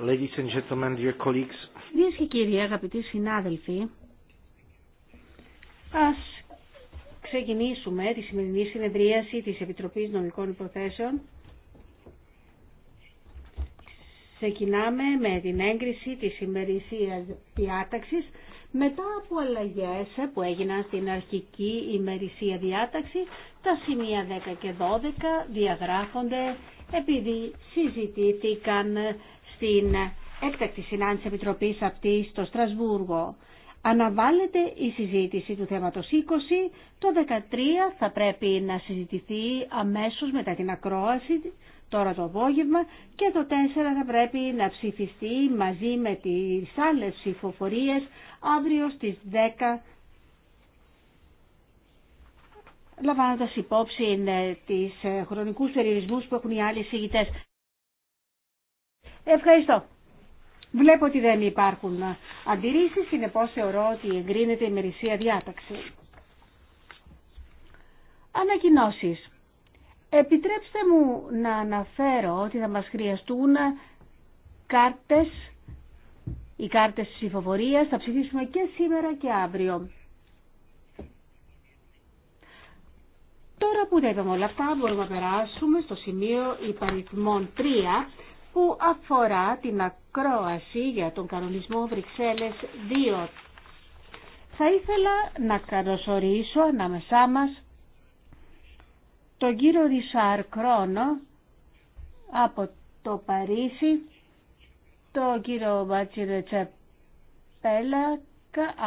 Ladies Κυρίες και κύριοι, αγαπητοί συνάδελφοι, ας ξεκινήσουμε τη σημερινή συνεδρίαση της Επιτροπής Νομικών Υποθέσεων. Ξεκινάμε με την έγκριση της ημερησίας διάταξης μετά από αλλαγές που έγιναν στην αρχική ημερησία διάταξη, τα σημεία 10 και 12 διαγράφονται επειδή συζητήθηκαν στην έκτακτη συνάντηση Επιτροπή αυτή στο Στρασβούργο. Αναβάλλεται η συζήτηση του θέματος 20, το 13 θα πρέπει να συζητηθεί αμέσως μετά την ακρόαση, τώρα το απόγευμα, και το 4 θα πρέπει να ψηφιστεί μαζί με τις άλλες ψηφοφορίε αύριο στις 10 λαμβάνοντας υπόψη ε, τις ε, χρονικούς περιορισμούς που έχουν οι άλλοι συγητές. Ευχαριστώ. Βλέπω ότι δεν υπάρχουν αντιρρήσεις, συνεπώς θεωρώ ότι εγκρίνεται η μερισία διάταξη. Ανακοινώσεις. Επιτρέψτε μου να αναφέρω ότι θα μας χρειαστούν κάρτες, οι κάρτες της ψηφοφορίας, θα ψηφίσουμε και σήμερα και αύριο. Τώρα που τα είπαμε όλα αυτά μπορούμε να περάσουμε στο σημείο υπαριθμών 3 που αφορά την ακρόαση για τον κανονισμό Βρυξέλλες 2. Θα ήθελα να καλωσορίσω ανάμεσά μας τον κύριο Ρισάρ Κρόνο από το Παρίσι, τον κύριο Μπάτσιρε Τσεπέλακα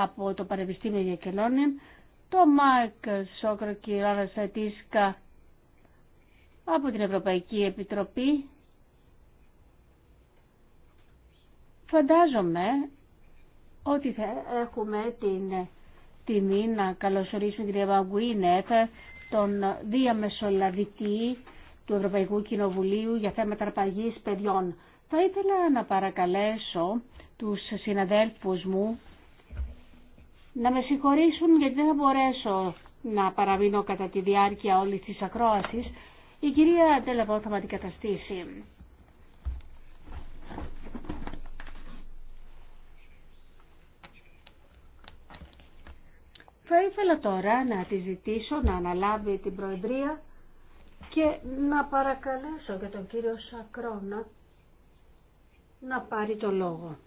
από το Πανεπιστήμιο Γεκελόνιν, τον Μάρκ Σόκρο κύριο Στατίσκα από την Ευρωπαϊκή Επιτροπή Φαντάζομαι ότι θα έχουμε την τιμή να καλωσορίσουμε την Ευαγγουίνεφ, τον διαμεσολαβητή του Ευρωπαϊκού Κοινοβουλίου για θέματα αρπαγής παιδιών. Θα ήθελα να παρακαλέσω τους συναδέλφους μου να με συγχωρήσουν γιατί δεν θα μπορέσω να παραμείνω κατά τη διάρκεια όλης της ακρόασης. Η κυρία Τελεβό θα με αντικαταστήσει. Θα ήθελα τώρα να τη ζητήσω να αναλάβει την Προεδρία και να παρακαλέσω και τον κύριο Σακρόνα να πάρει το λόγο.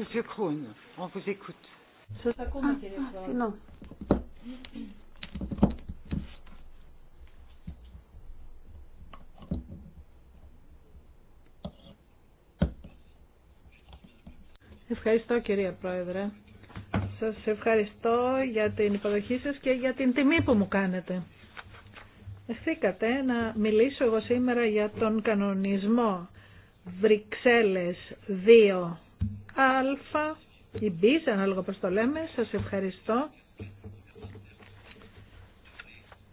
Monsieur Krohn, on σας ακούμε κύριε Πρόεδρε. Ευχαριστώ κυρία Πρόεδρε. Σας ευχαριστώ για την υποδοχή σας και για την τιμή που μου κάνετε. Ευθήκατε να μιλήσω εγώ σήμερα για τον κανονισμό Βρυξέλλες 2α ή μπις, ανάλογα το λέμε. Σας ευχαριστώ.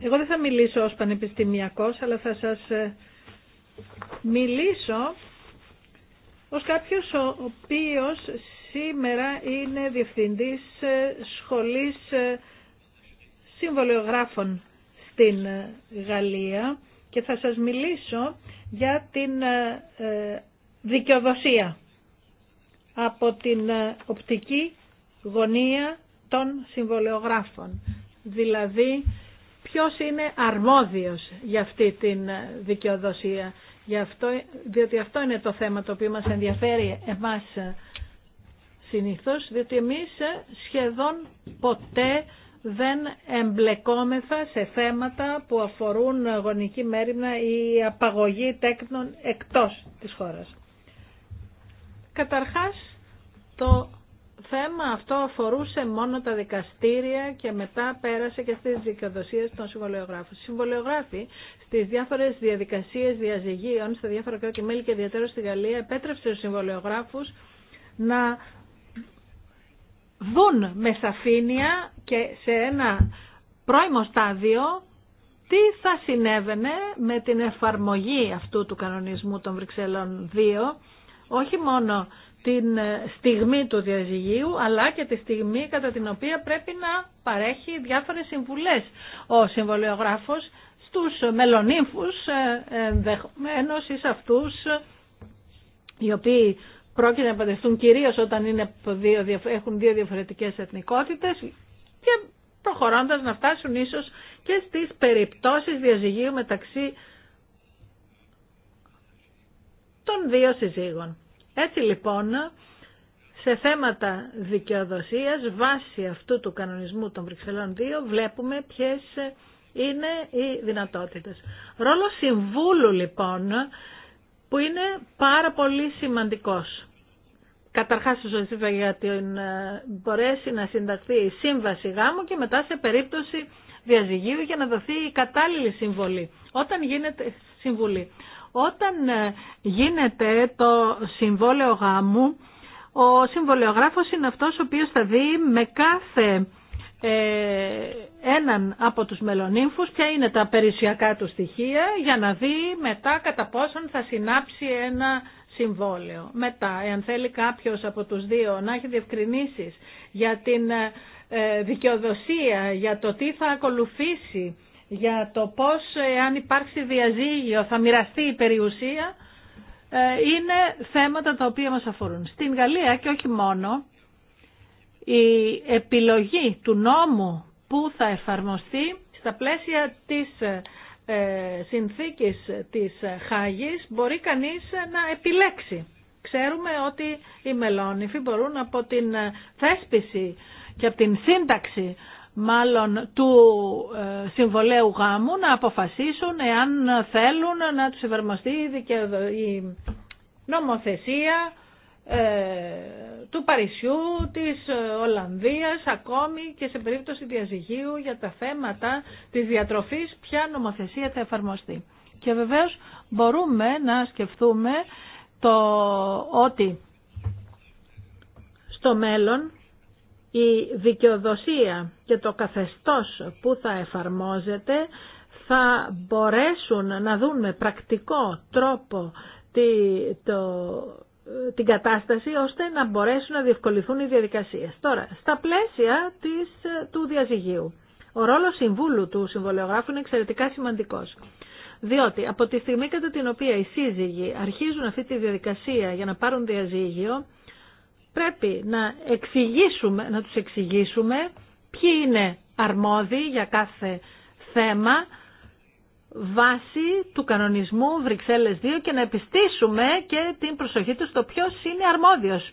Εγώ δεν θα μιλήσω ως πανεπιστημιακός, αλλά θα σας ε, μιλήσω ως κάποιος ο οποίος σήμερα είναι διευθυντής ε, σχολής ε, συμβολιογράφων στην Γαλλία και θα σας μιλήσω για την δικαιοδοσία από την ε, οπτική γωνία των συμβολεογράφων. Δηλαδή, ποιος είναι αρμόδιος για αυτή τη ε, δικαιοδοσία. αυτό, διότι αυτό είναι το θέμα το οποίο μας ενδιαφέρει εμάς ε, συνήθως, διότι εμείς σχεδόν ποτέ δεν εμπλεκόμεθα σε θέματα που αφορούν γονική μέρημνα ή απαγωγή τέκνων εκτός της χώρας. Καταρχάς, το θέμα αυτό αφορούσε μόνο τα δικαστήρια και μετά πέρασε και στις δικαιοδοσίες των συμβολιογράφων. συμβολιογράφοι στις διάφορες διαδικασίες διαζυγίων στα διάφορα κράτη-μέλη και ιδιαίτερα στη Γαλλία επέτρεψε στους συμβολιογράφους να δουν με σαφήνεια και σε ένα πρώιμο στάδιο τι θα συνέβαινε με την εφαρμογή αυτού του κανονισμού των Βρυξελών 2 όχι μόνο την ε, στιγμή του διαζυγίου, αλλά και τη στιγμή κατά την οποία πρέπει να παρέχει διάφορες συμβουλές ο συμβολιογράφος στους μελονύμφους, ε, ενδεχομένω ή σε αυτούς οι οποίοι πρόκειται να παντρευτούν κυρίως όταν είναι, έχουν δύο διαφορετικές εθνικότητες και προχωρώντας να φτάσουν ίσως και στις περιπτώσεις διαζυγίου μεταξύ δύο συζύγων. Έτσι λοιπόν, σε θέματα δικαιοδοσίας, βάσει αυτού του κανονισμού των Βρυξελών 2, βλέπουμε ποιες είναι οι δυνατότητες. Ρόλο συμβούλου λοιπόν, που είναι πάρα πολύ σημαντικός. Καταρχάς, σας είπα γιατί μπορέσει να συνταχθεί η σύμβαση γάμου και μετά σε περίπτωση διαζυγίου για να δοθεί η κατάλληλη συμβολή. Όταν γίνεται συμβουλή. Όταν ε, γίνεται το συμβόλαιο γάμου, ο συμβολεογράφος είναι αυτός ο οποίος θα δει με κάθε ε, έναν από τους μελονύμφους ποια είναι τα περιουσιακά του στοιχεία για να δει μετά κατά πόσον θα συνάψει ένα συμβόλαιο. Μετά, εάν θέλει κάποιος από τους δύο να έχει διευκρινήσεις για την ε, δικαιοδοσία, για το τι θα ακολουθήσει για το πώς ε, αν υπάρξει διαζύγιο θα μοιραστεί η περιουσία ε, είναι θέματα τα οποία μας αφορούν. Στην Γαλλία και όχι μόνο η επιλογή του νόμου που θα εφαρμοστεί στα πλαίσια της ε, συνθήκης της Χάγης μπορεί κανείς να επιλέξει. Ξέρουμε ότι οι μελώνυφοι μπορούν από την θέσπιση και από την σύνταξη μάλλον του ε, συμβολέου γάμου να αποφασίσουν εάν θέλουν να τους εφαρμοστεί η νομοθεσία ε, του Παρισιού, της ε, Ολλανδίας, ακόμη και σε περίπτωση διαζυγίου για τα θέματα της διατροφής, ποια νομοθεσία θα εφαρμοστεί. Και βεβαίως μπορούμε να σκεφτούμε το ότι στο μέλλον η δικαιοδοσία και το καθεστώς που θα εφαρμόζεται θα μπορέσουν να δουν με πρακτικό τρόπο τη, την κατάσταση ώστε να μπορέσουν να διευκολυθούν οι διαδικασίες. Τώρα, στα πλαίσια της, του διαζυγίου, ο ρόλος συμβούλου του συμβολεογράφου είναι εξαιρετικά σημαντικός. Διότι από τη στιγμή κατά την οποία οι σύζυγοι αρχίζουν αυτή τη διαδικασία για να πάρουν διαζύγιο, πρέπει να εξηγήσουμε, να τους εξηγήσουμε ποιοι είναι αρμόδιοι για κάθε θέμα βάση του κανονισμού Βρυξέλλες 2 και να επιστήσουμε και την προσοχή τους στο ποιος είναι αρμόδιος,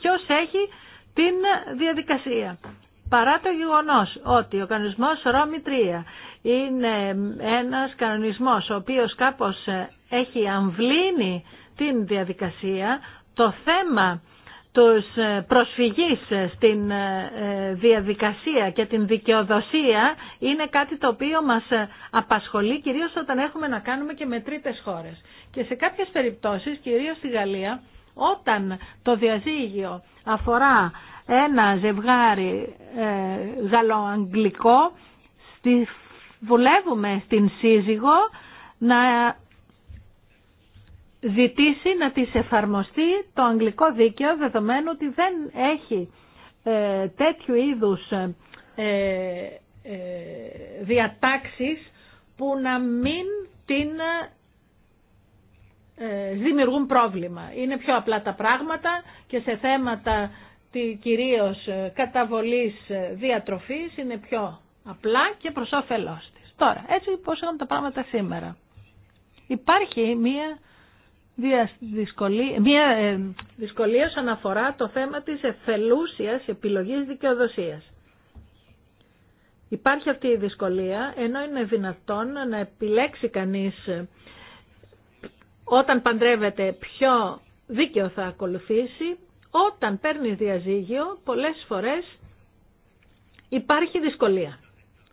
ποιος έχει την διαδικασία. Παρά το γεγονός ότι ο κανονισμός Ρώμη 3 είναι ένας κανονισμός ο οποίος κάπως έχει αμβλύνει την διαδικασία, το θέμα τους ε, προσφυγής στην ε, ε, διαδικασία και την δικαιοδοσία είναι κάτι το οποίο μας απασχολεί κυρίως όταν έχουμε να κάνουμε και με τρίτες χώρες. Και σε κάποιες περιπτώσεις, κυρίως στη Γαλλία, όταν το διαζύγιο αφορά ένα ζευγάρι γαλλοαγγλικό, στη, βουλεύουμε στην σύζυγο να ζητήσει να τις εφαρμοστεί το αγγλικό δίκαιο δεδομένου ότι δεν έχει ε, τέτοιου είδους ε, ε, ε, διατάξεις που να μην την δημιουργούν πρόβλημα. Είναι πιο απλά τα πράγματα και σε θέματα τη, κυρίως καταβολής διατροφής είναι πιο απλά και προς όφελός της. Τώρα, έτσι πώς έχουν τα πράγματα σήμερα. Υπάρχει μία μια δυσκολία όσον ε, αφορά το θέμα της εθελούσιας επιλογής δικαιοδοσίας. Υπάρχει αυτή η δυσκολία, ενώ είναι δυνατόν να επιλέξει κανείς όταν παντρεύεται ποιο δίκαιο θα ακολουθήσει, όταν παίρνει διαζύγιο πολλές φορές υπάρχει δυσκολία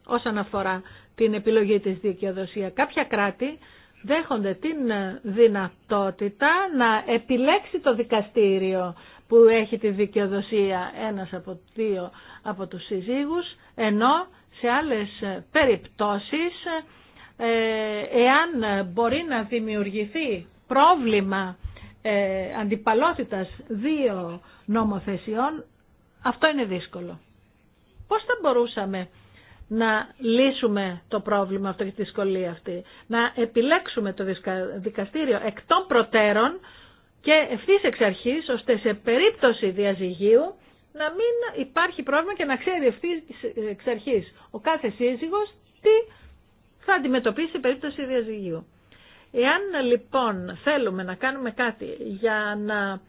όσον αφορά την επιλογή της δικαιοδοσία. Κάποια κράτη δέχονται την ε, δυνατότητα να επιλέξει το δικαστήριο που έχει τη δικαιοδοσία ένας από δύο από τους συζύγους, ενώ σε άλλες ε, περιπτώσεις, ε, εάν μπορεί να δημιουργηθεί πρόβλημα αντιπαλότητας δύο νομοθεσιών, αυτό είναι δύσκολο. Πώς θα μπορούσαμε να λύσουμε το πρόβλημα αυτό και τη δυσκολία αυτή. Να επιλέξουμε το δικαστήριο εκ των προτέρων και ευθύ εξ αρχή, ώστε σε περίπτωση διαζυγίου να μην υπάρχει πρόβλημα και να ξέρει ευθύ εξ αρχή ο κάθε σύζυγος τι θα αντιμετωπίσει σε περίπτωση διαζυγίου. Εάν λοιπόν θέλουμε να κάνουμε κάτι για να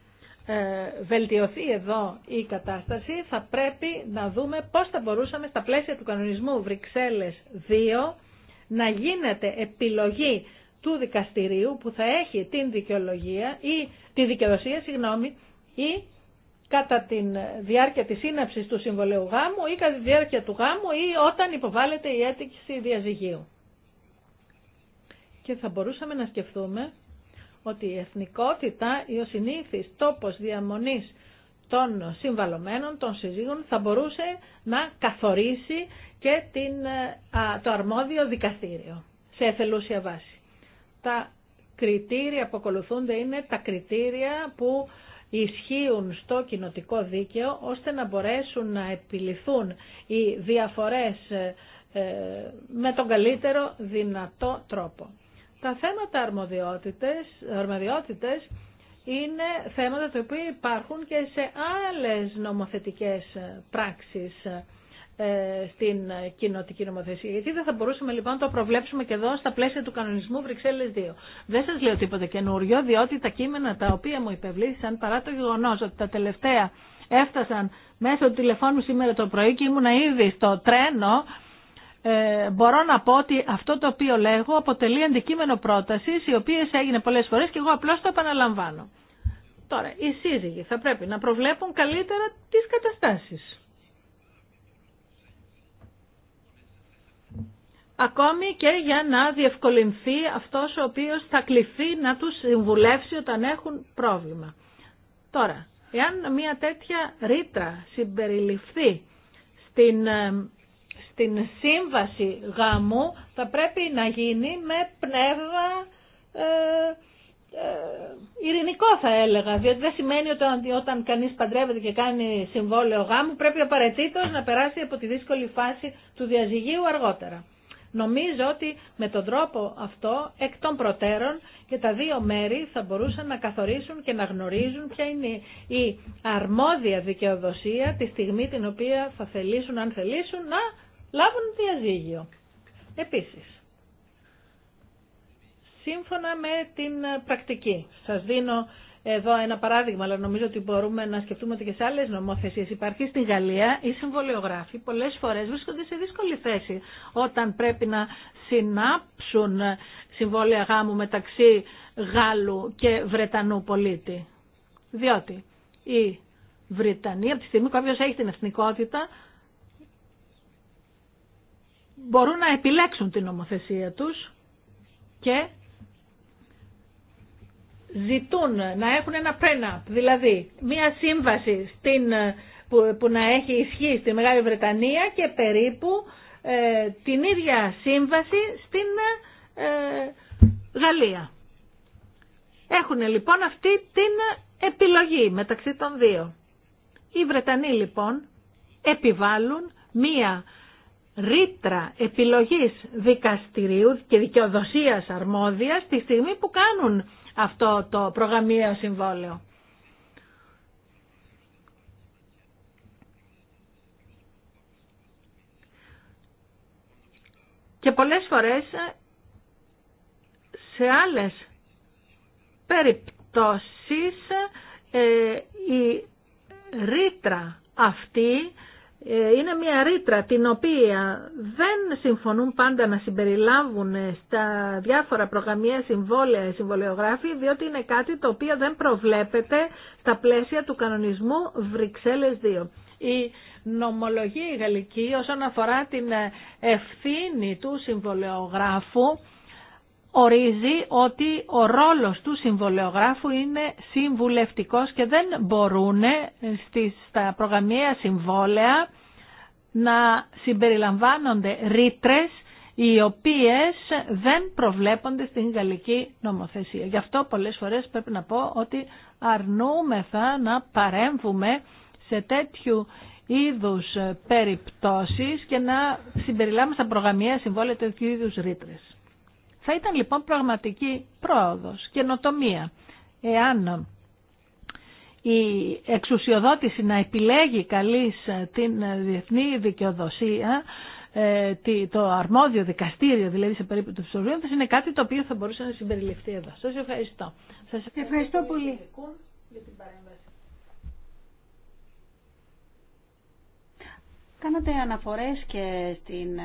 ε, βελτιωθεί εδώ η κατάσταση, θα πρέπει να δούμε πώς θα μπορούσαμε στα πλαίσια του κανονισμού Βρυξέλλες 2 να γίνεται επιλογή του δικαστηρίου που θα έχει την δικαιολογία ή τη δικαιοδοσία, συγγνώμη, ή κατά τη διάρκεια της σύναψης του συμβολέου γάμου ή κατά τη διάρκεια του γάμου ή όταν υποβάλλεται η τη δικαιοσύνη ή κατά τη διάρκεια της σύναψης του συμβολαίου γάμου ή κατά τη διάρκεια του γάμου ή όταν υποβάλλεται συγγνωμη η κατα τη διαρκεια της συναψης του συμβολεου γαμου διαζυγίου. Και θα μπορούσαμε να σκεφτούμε ότι η εθνικότητα ή ο συνήθις τόπος διαμονής των συμβαλωμένων, των συζύγων θα μπορούσε να καθορίσει και την, ε, το αρμόδιο δικαστήριο σε εθελούσια βάση. Τα κριτήρια που ακολουθούνται είναι τα κριτήρια που ισχύουν στο κοινοτικό δίκαιο ώστε να μπορέσουν να επιληθούν οι διαφορές ε, ε, με τον καλύτερο δυνατό τρόπο. Τα θέματα αρμοδιότητες, αρμοδιότητες είναι θέματα τα οποία υπάρχουν και σε άλλες νομοθετικές πράξεις ε, στην κοινωτική νομοθεσία. Γιατί δεν θα μπορούσαμε λοιπόν να το προβλέψουμε και εδώ στα πλαίσια του κανονισμού Βρυξέλλες 2. Δεν σας λέω τίποτα καινούριο, διότι τα κείμενα τα οποία μου υπευλήθησαν παρά το γεγονός ότι τα τελευταία έφτασαν μέσω του τηλεφώνου σήμερα το πρωί και ήμουν ήδη στο τρένο ε, μπορώ να πω ότι αυτό το οποίο λέγω αποτελεί αντικείμενο πρότασης οι οποίες έγινε πολλές φορές και εγώ απλώς το επαναλαμβάνω. Τώρα, οι σύζυγοι θα πρέπει να προβλέπουν καλύτερα τις καταστάσεις. Ακόμη και για να διευκολυνθεί αυτός ο οποίος θα κληθεί να τους συμβουλεύσει όταν έχουν πρόβλημα. Τώρα, εάν μια τέτοια ρήτρα συμπεριληφθεί στην ε, την σύμβαση γάμου θα πρέπει να γίνει με πνεύμα ε, ε ειρηνικό θα έλεγα, διότι δεν σημαίνει ότι όταν κανείς παντρεύεται και κάνει συμβόλαιο γάμου πρέπει απαραίτητο να περάσει από τη δύσκολη φάση του διαζυγίου αργότερα. Νομίζω ότι με τον τρόπο αυτό, εκ των προτέρων, και τα δύο μέρη θα μπορούσαν να καθορίσουν και να γνωρίζουν ποια είναι η αρμόδια δικαιοδοσία τη στιγμή την οποία θα θελήσουν, αν θελήσουν, να λάβουν διαζύγιο. Επίσης, σύμφωνα με την πρακτική, σας δίνω εδώ ένα παράδειγμα, αλλά νομίζω ότι μπορούμε να σκεφτούμε ότι και σε άλλες νομοθεσίε υπάρχει. στην Γαλλία οι συμβολιογράφοι πολλές φορές βρίσκονται σε δύσκολη θέση όταν πρέπει να συνάψουν συμβόλαια γάμου μεταξύ Γάλλου και Βρετανού πολίτη. Διότι η Βρετανία, από τη στιγμή που κάποιο έχει την εθνικότητα, μπορούν να επιλέξουν την νομοθεσία τους και ζητούν να έχουν ένα prenup, δηλαδή μία σύμβαση στην, ε, που, να έχει ισχύ στη Μεγάλη Βρετανία και περίπου ε, την ίδια σύμβαση στην ε, Γαλλία. Έχουν λοιπόν αυτή την επιλογή μεταξύ των δύο. Οι Βρετανοί λοιπόν επιβάλλουν μία ρήτρα επιλογής δικαστηρίου και δικαιοδοσίας αρμόδιας τη στιγμή που κάνουν αυτό το προγαμιαίο συμβόλαιο. Και πολλές φορές σε άλλες περιπτώσεις ε, η ρήτρα αυτή ε, είναι μια ρήτρα την οποία δεν συμφωνούν πάντα να συμπεριλάβουν στα διάφορα προγραμμία συμβόλαια οι συμβολεογράφοι, διότι είναι κάτι το οποίο δεν προβλέπεται στα πλαίσια του κανονισμού Βρυξέλλες 2. Η νομολογία η γαλλική όσον αφορά την ευθύνη του συμβολεογράφου ορίζει ότι ο ρόλος του συμβολεογράφου είναι συμβουλευτικός και δεν μπορούν στα προγαμιαία συμβόλαια να συμπεριλαμβάνονται ρήτρε οι οποίες δεν προβλέπονται στην γαλλική νομοθεσία. Γι' αυτό πολλές φορές πρέπει να πω ότι αρνούμεθα να παρέμβουμε σε τέτοιου είδους περιπτώσεις και να συμπεριλάμε στα προγαμιαία συμβόλαια τέτοιου είδους ρήτρες. Θα ήταν λοιπόν πραγματική πρόοδος, καινοτομία, εάν ε, η εξουσιοδότηση να επιλέγει καλής ε, την ε, διεθνή δικαιοδοσία, το αρμόδιο δικαστήριο, δηλαδή σε περίπτωση του θα είναι κάτι το οποίο θα μπορούσε να συμπεριληφθεί εδώ. Σας ευχαριστώ. Σας ευχαριστώ, πολύ. Για την Κάνατε αναφορές και στην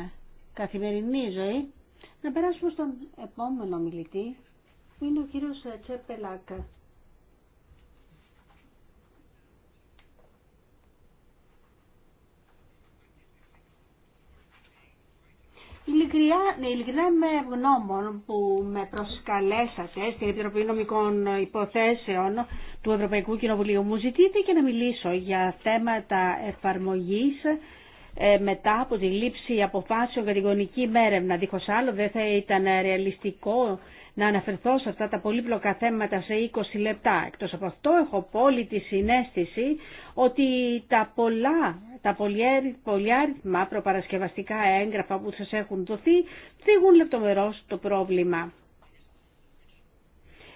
καθημερινή ζωή να περάσουμε στον επόμενο μιλητή, που είναι ο κύριος ε, Τσέπελάκα. Ειλικρινά με ευγνώμων που με προσκαλέσατε στην Επιτροπή Νομικών Υποθέσεων του Ευρωπαϊκού Κοινοβουλίου. Μου ζητείτε και να μιλήσω για θέματα εφαρμογής ε, μετά από τη λήψη αποφάσεων για την γονική μέρευνα. Δίχω άλλο δεν θα ήταν ρεαλιστικό να αναφερθώ σε αυτά τα πολύπλοκα θέματα σε 20 λεπτά. Εκτός από αυτό έχω πόλη τη συνέστηση ότι τα πολλά, τα πολυάριθμα προπαρασκευαστικά έγγραφα που σας έχουν δοθεί φύγουν λεπτομερώς το πρόβλημα.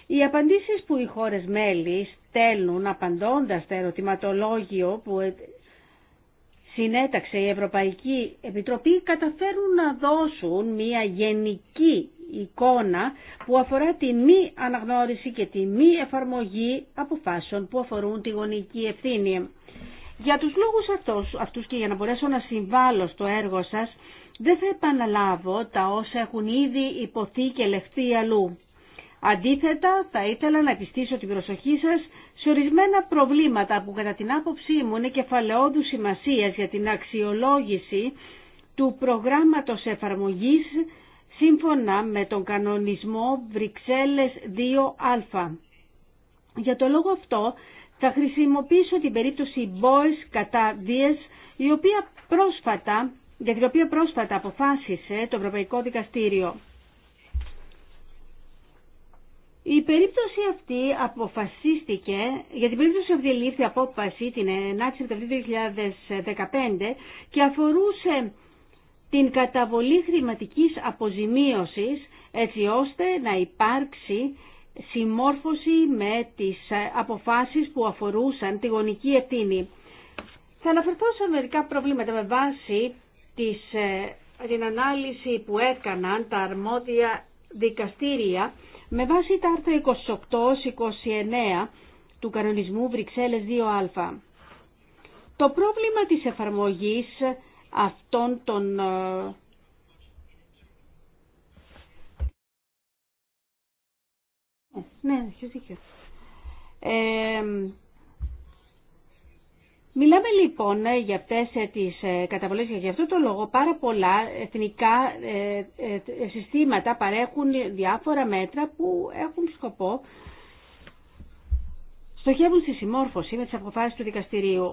Οι απαντήσεις που οι χώρες μέλη στέλνουν απαντώντας τα ερωτηματολόγιο που ε, συνέταξε η Ευρωπαϊκή Επιτροπή καταφέρουν να δώσουν μια γενική εικόνα που αφορά τη μη αναγνώριση και τη μη εφαρμογή αποφάσεων που αφορούν τη γονική ευθύνη. Για τους λόγους αυτούς, αυτούς και για να μπορέσω να συμβάλλω στο έργο σας, δεν θα επαναλάβω τα όσα έχουν ήδη υποθεί και λεχθεί αλλού. Αντίθετα, θα ήθελα να επιστήσω την προσοχή σας σε ορισμένα προβλήματα που κατά την άποψή μου είναι κεφαλαιόντου σημασίας για την αξιολόγηση του προγράμματος εφαρμογής σύμφωνα με τον κανονισμό Βρυξέλλες 2α. Για το λόγο αυτό θα χρησιμοποιήσω την περίπτωση Boys κατά Δίες, η οποία πρόσφατα, για την οποία πρόσφατα αποφάσισε το Ευρωπαϊκό Δικαστήριο. Η περίπτωση αυτή αποφασίστηκε, για την περίπτωση αυτή λήφθη απόφαση την 9η Σεπτεμβρίου 2015 και αφορούσε την καταβολή χρηματικής αποζημίωσης έτσι ώστε να υπάρξει συμμόρφωση με τις αποφάσεις που αφορούσαν τη γονική ευθύνη. Θα αναφερθώ σε μερικά προβλήματα με βάση ε, την ανάλυση που έκαναν τα αρμόδια δικαστήρια με βάση τα άρθρα 28-29 του κανονισμού Βρυξέλλες 2α. Το πρόβλημα της εφαρμογής αυτών των ε, ναι, ναι, έχεις δίκιο. Ε, Μιλάμε λοιπόν ε, για αυτές ε, τις ε, καταβολές και γι' αυτό το λόγο πάρα πολλά εθνικά συστήματα παρέχουν διάφορα μέτρα που έχουν σκοπό στοχεύουν στη συμμόρφωση με τις αποφάσεις του δικαστηρίου.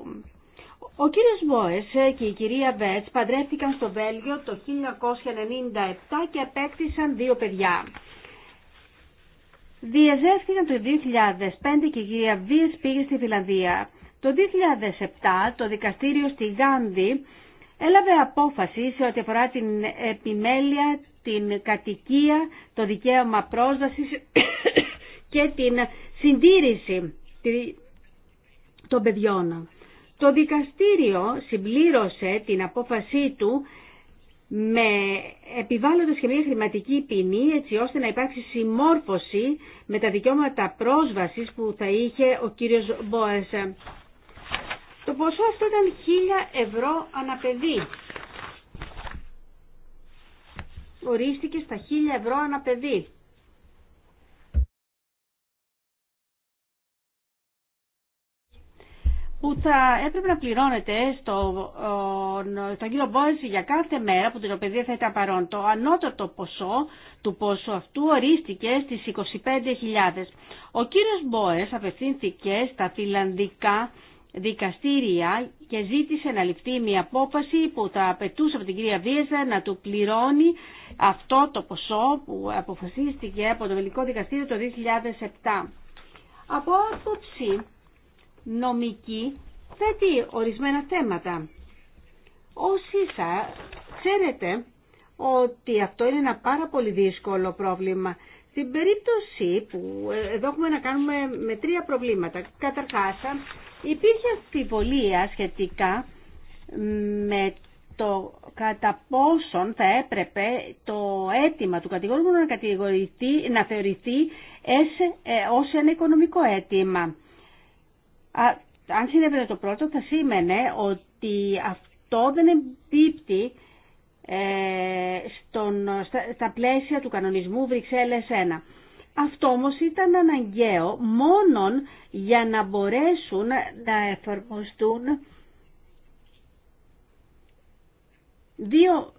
Ο κύριος Βόες και η κυρία Βέτς παντρεύτηκαν στο Βέλγιο το 1997 και απέκτησαν δύο παιδιά. Διαζεύτηκαν το 2005 και η κυρία Βίες πήγε στη Φιλανδία. Το 2007 το δικαστήριο στη Γάνδη έλαβε απόφαση σε ό,τι αφορά την επιμέλεια, την κατοικία, το δικαίωμα πρόσβασης και την συντήρηση των παιδιών. Το δικαστήριο συμπλήρωσε την απόφασή του με επιβάλλοντας και μια χρηματική ποινή έτσι ώστε να υπάρξει συμμόρφωση με τα δικαιώματα πρόσβασης που θα είχε ο κύριος Μπόες. Το ποσό αυτό ήταν 1000 ευρώ παιδί. Ορίστηκε στα 1000 ευρώ αναπαιδί. που θα έπρεπε να πληρώνεται στον κύριο Μπόεση για κάθε μέρα που την παιδί θα ήταν παρόν. Το ανώτατο ποσό του ποσού αυτού ορίστηκε στις 25.000. Ο κύριος Μπόες απευθύνθηκε στα φιλανδικά δικαστήρια και ζήτησε να ληφθεί μια απόφαση που τα απαιτούσε από την κυρία Βίεζα να του πληρώνει αυτό το ποσό που αποφασίστηκε από το Βελικό Δικαστήριο το 2007. Από άποψη νομική θέτει ορισμένα θέματα. Όσοι σα ξέρετε ότι αυτό είναι ένα πάρα πολύ δύσκολο πρόβλημα. Στην περίπτωση που ε, εδώ έχουμε να κάνουμε με τρία προβλήματα. Καταρχάς, Υπήρχε αμφιβολία σχετικά με το κατά πόσον θα έπρεπε το αίτημα του κατηγορού να, κατηγορηθεί, να θεωρηθεί ε, ως ένα οικονομικό αίτημα. αν συνέβαινε το πρώτο θα σήμαινε ότι αυτό δεν εμπίπτει ε, στον, στα, στα πλαίσια του κανονισμού Βρυξέλλες 1. Αυτό όμως ήταν αναγκαίο μόνον για να μπορέσουν να εφαρμοστούν δύο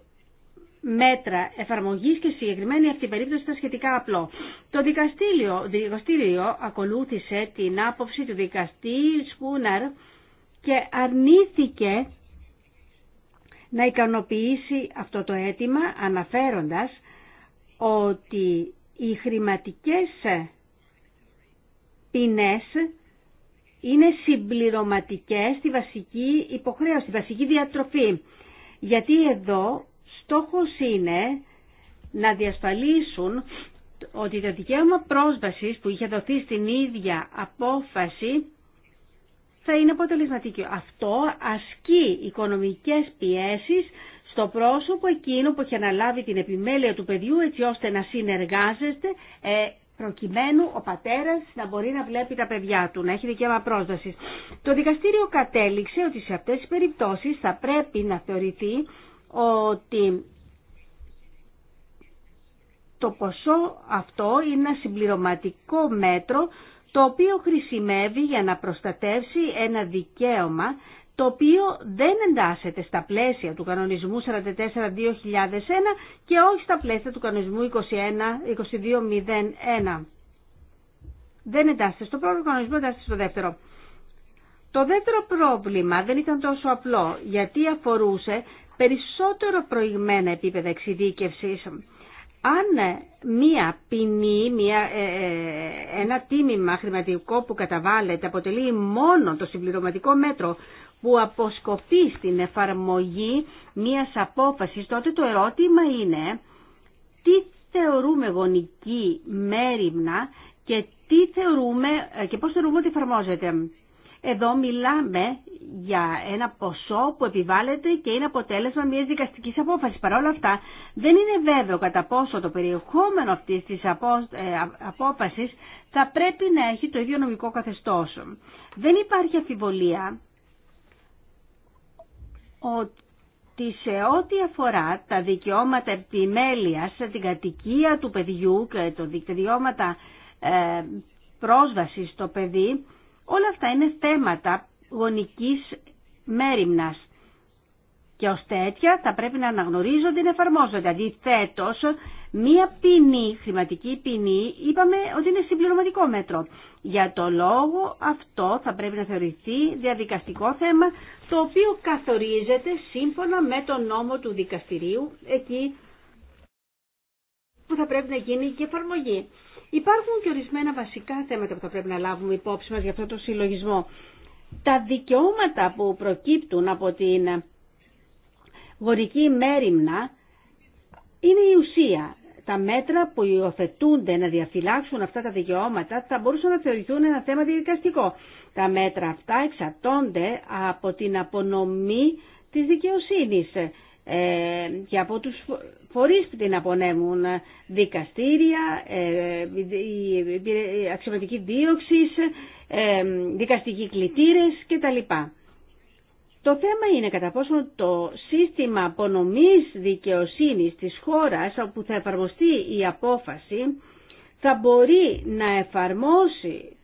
μέτρα εφαρμογής και συγκεκριμένη αυτή η περίπτωση ήταν σχετικά απλό. Το δικαστήριο, δικαστήριο ακολούθησε την άποψη του δικαστή Σκούναρ και αρνήθηκε να ικανοποιήσει αυτό το αίτημα αναφέροντας ότι οι χρηματικές ποινές είναι συμπληρωματικές στη βασική υποχρέωση, στη βασική διατροφή. Γιατί εδώ στόχος είναι να διασφαλίσουν ότι το δικαίωμα πρόσβασης που είχε δοθεί στην ίδια απόφαση θα είναι αποτελεσματικό. Αυτό ασκεί οικονομικές πιέσεις στο πρόσωπο εκείνο που έχει αναλάβει την επιμέλεια του παιδιού έτσι ώστε να συνεργάζεστε προκειμένου ο πατέρας να μπορεί να βλέπει τα παιδιά του, να έχει δικαίωμα πρόσβασης. Το δικαστήριο κατέληξε ότι σε αυτές τις περιπτώσεις θα πρέπει να θεωρηθεί ότι το ποσό αυτό είναι ένα συμπληρωματικό μέτρο το οποίο χρησιμεύει για να προστατεύσει ένα δικαίωμα το οποίο δεν εντάσσεται στα πλαίσια του κανονισμού 44-2001 και όχι στα πλαίσια του κανονισμού 21-2201. Δεν εντάσσεται στο πρώτο κανονισμό, εντάσσεται στο δεύτερο. Το δεύτερο πρόβλημα δεν ήταν τόσο απλό, γιατί αφορούσε περισσότερο προηγμένα επίπεδα εξειδίκευση. Αν μία ποινή, μία, ε, ε, ένα τίμημα χρηματικό που καταβάλλεται αποτελεί μόνο το συμπληρωματικό μέτρο που αποσκοπεί στην εφαρμογή μιας απόφασης, τότε το ερώτημα είναι τι θεωρούμε γονική μέρημνα και, τι θεωρούμε, ε, και πώς θεωρούμε ότι εφαρμόζεται. Εδώ μιλάμε για ένα ποσό που επιβάλλεται και είναι αποτέλεσμα μια δικαστική απόφαση. Παρ' όλα αυτά, δεν είναι βέβαιο κατά πόσο το περιεχόμενο αυτή τη ε, απόφαση θα πρέπει να έχει το ίδιο νομικό καθεστώ. Δεν υπάρχει αφιβολία ότι σε ό,τι αφορά τα δικαιώματα επιμέλειας, την κατοικία του παιδιού και το δικαιώματα ε, πρόσβασης στο παιδί, όλα αυτά είναι θέματα γονικής μέρημνας. Και ως τέτοια θα πρέπει να αναγνωρίζονται και εφαρμόζονται. Αντιθέτως, Μία ποινή, χρηματική ποινή, είπαμε ότι είναι συμπληρωματικό μέτρο. Για το λόγο αυτό θα πρέπει να θεωρηθεί διαδικαστικό θέμα, το οποίο καθορίζεται σύμφωνα με τον νόμο του δικαστηρίου, εκεί που θα πρέπει να γίνει και εφαρμογή. Υπάρχουν και ορισμένα βασικά θέματα που θα πρέπει να λάβουμε υπόψη μας για αυτό το συλλογισμό. Τα δικαιώματα που προκύπτουν από την γορική μέρημνα είναι η ουσία τα μέτρα που υιοθετούνται να διαφυλάξουν αυτά τα δικαιώματα θα μπορούσαν να θεωρηθούν ένα θέμα διαδικαστικό. Τα μέτρα αυτά εξαρτώνται από την απονομή της δικαιοσύνης ε, και από τους φορείς που την απονέμουν δικαστήρια, ε, αξιωματική δίωξη, ε, δικαστικοί κλητήρες κτλ. Το θέμα είναι κατά πόσο το σύστημα απονομής δικαιοσύνης της χώρας όπου θα εφαρμοστεί η απόφαση θα μπορεί να εφαρμόσει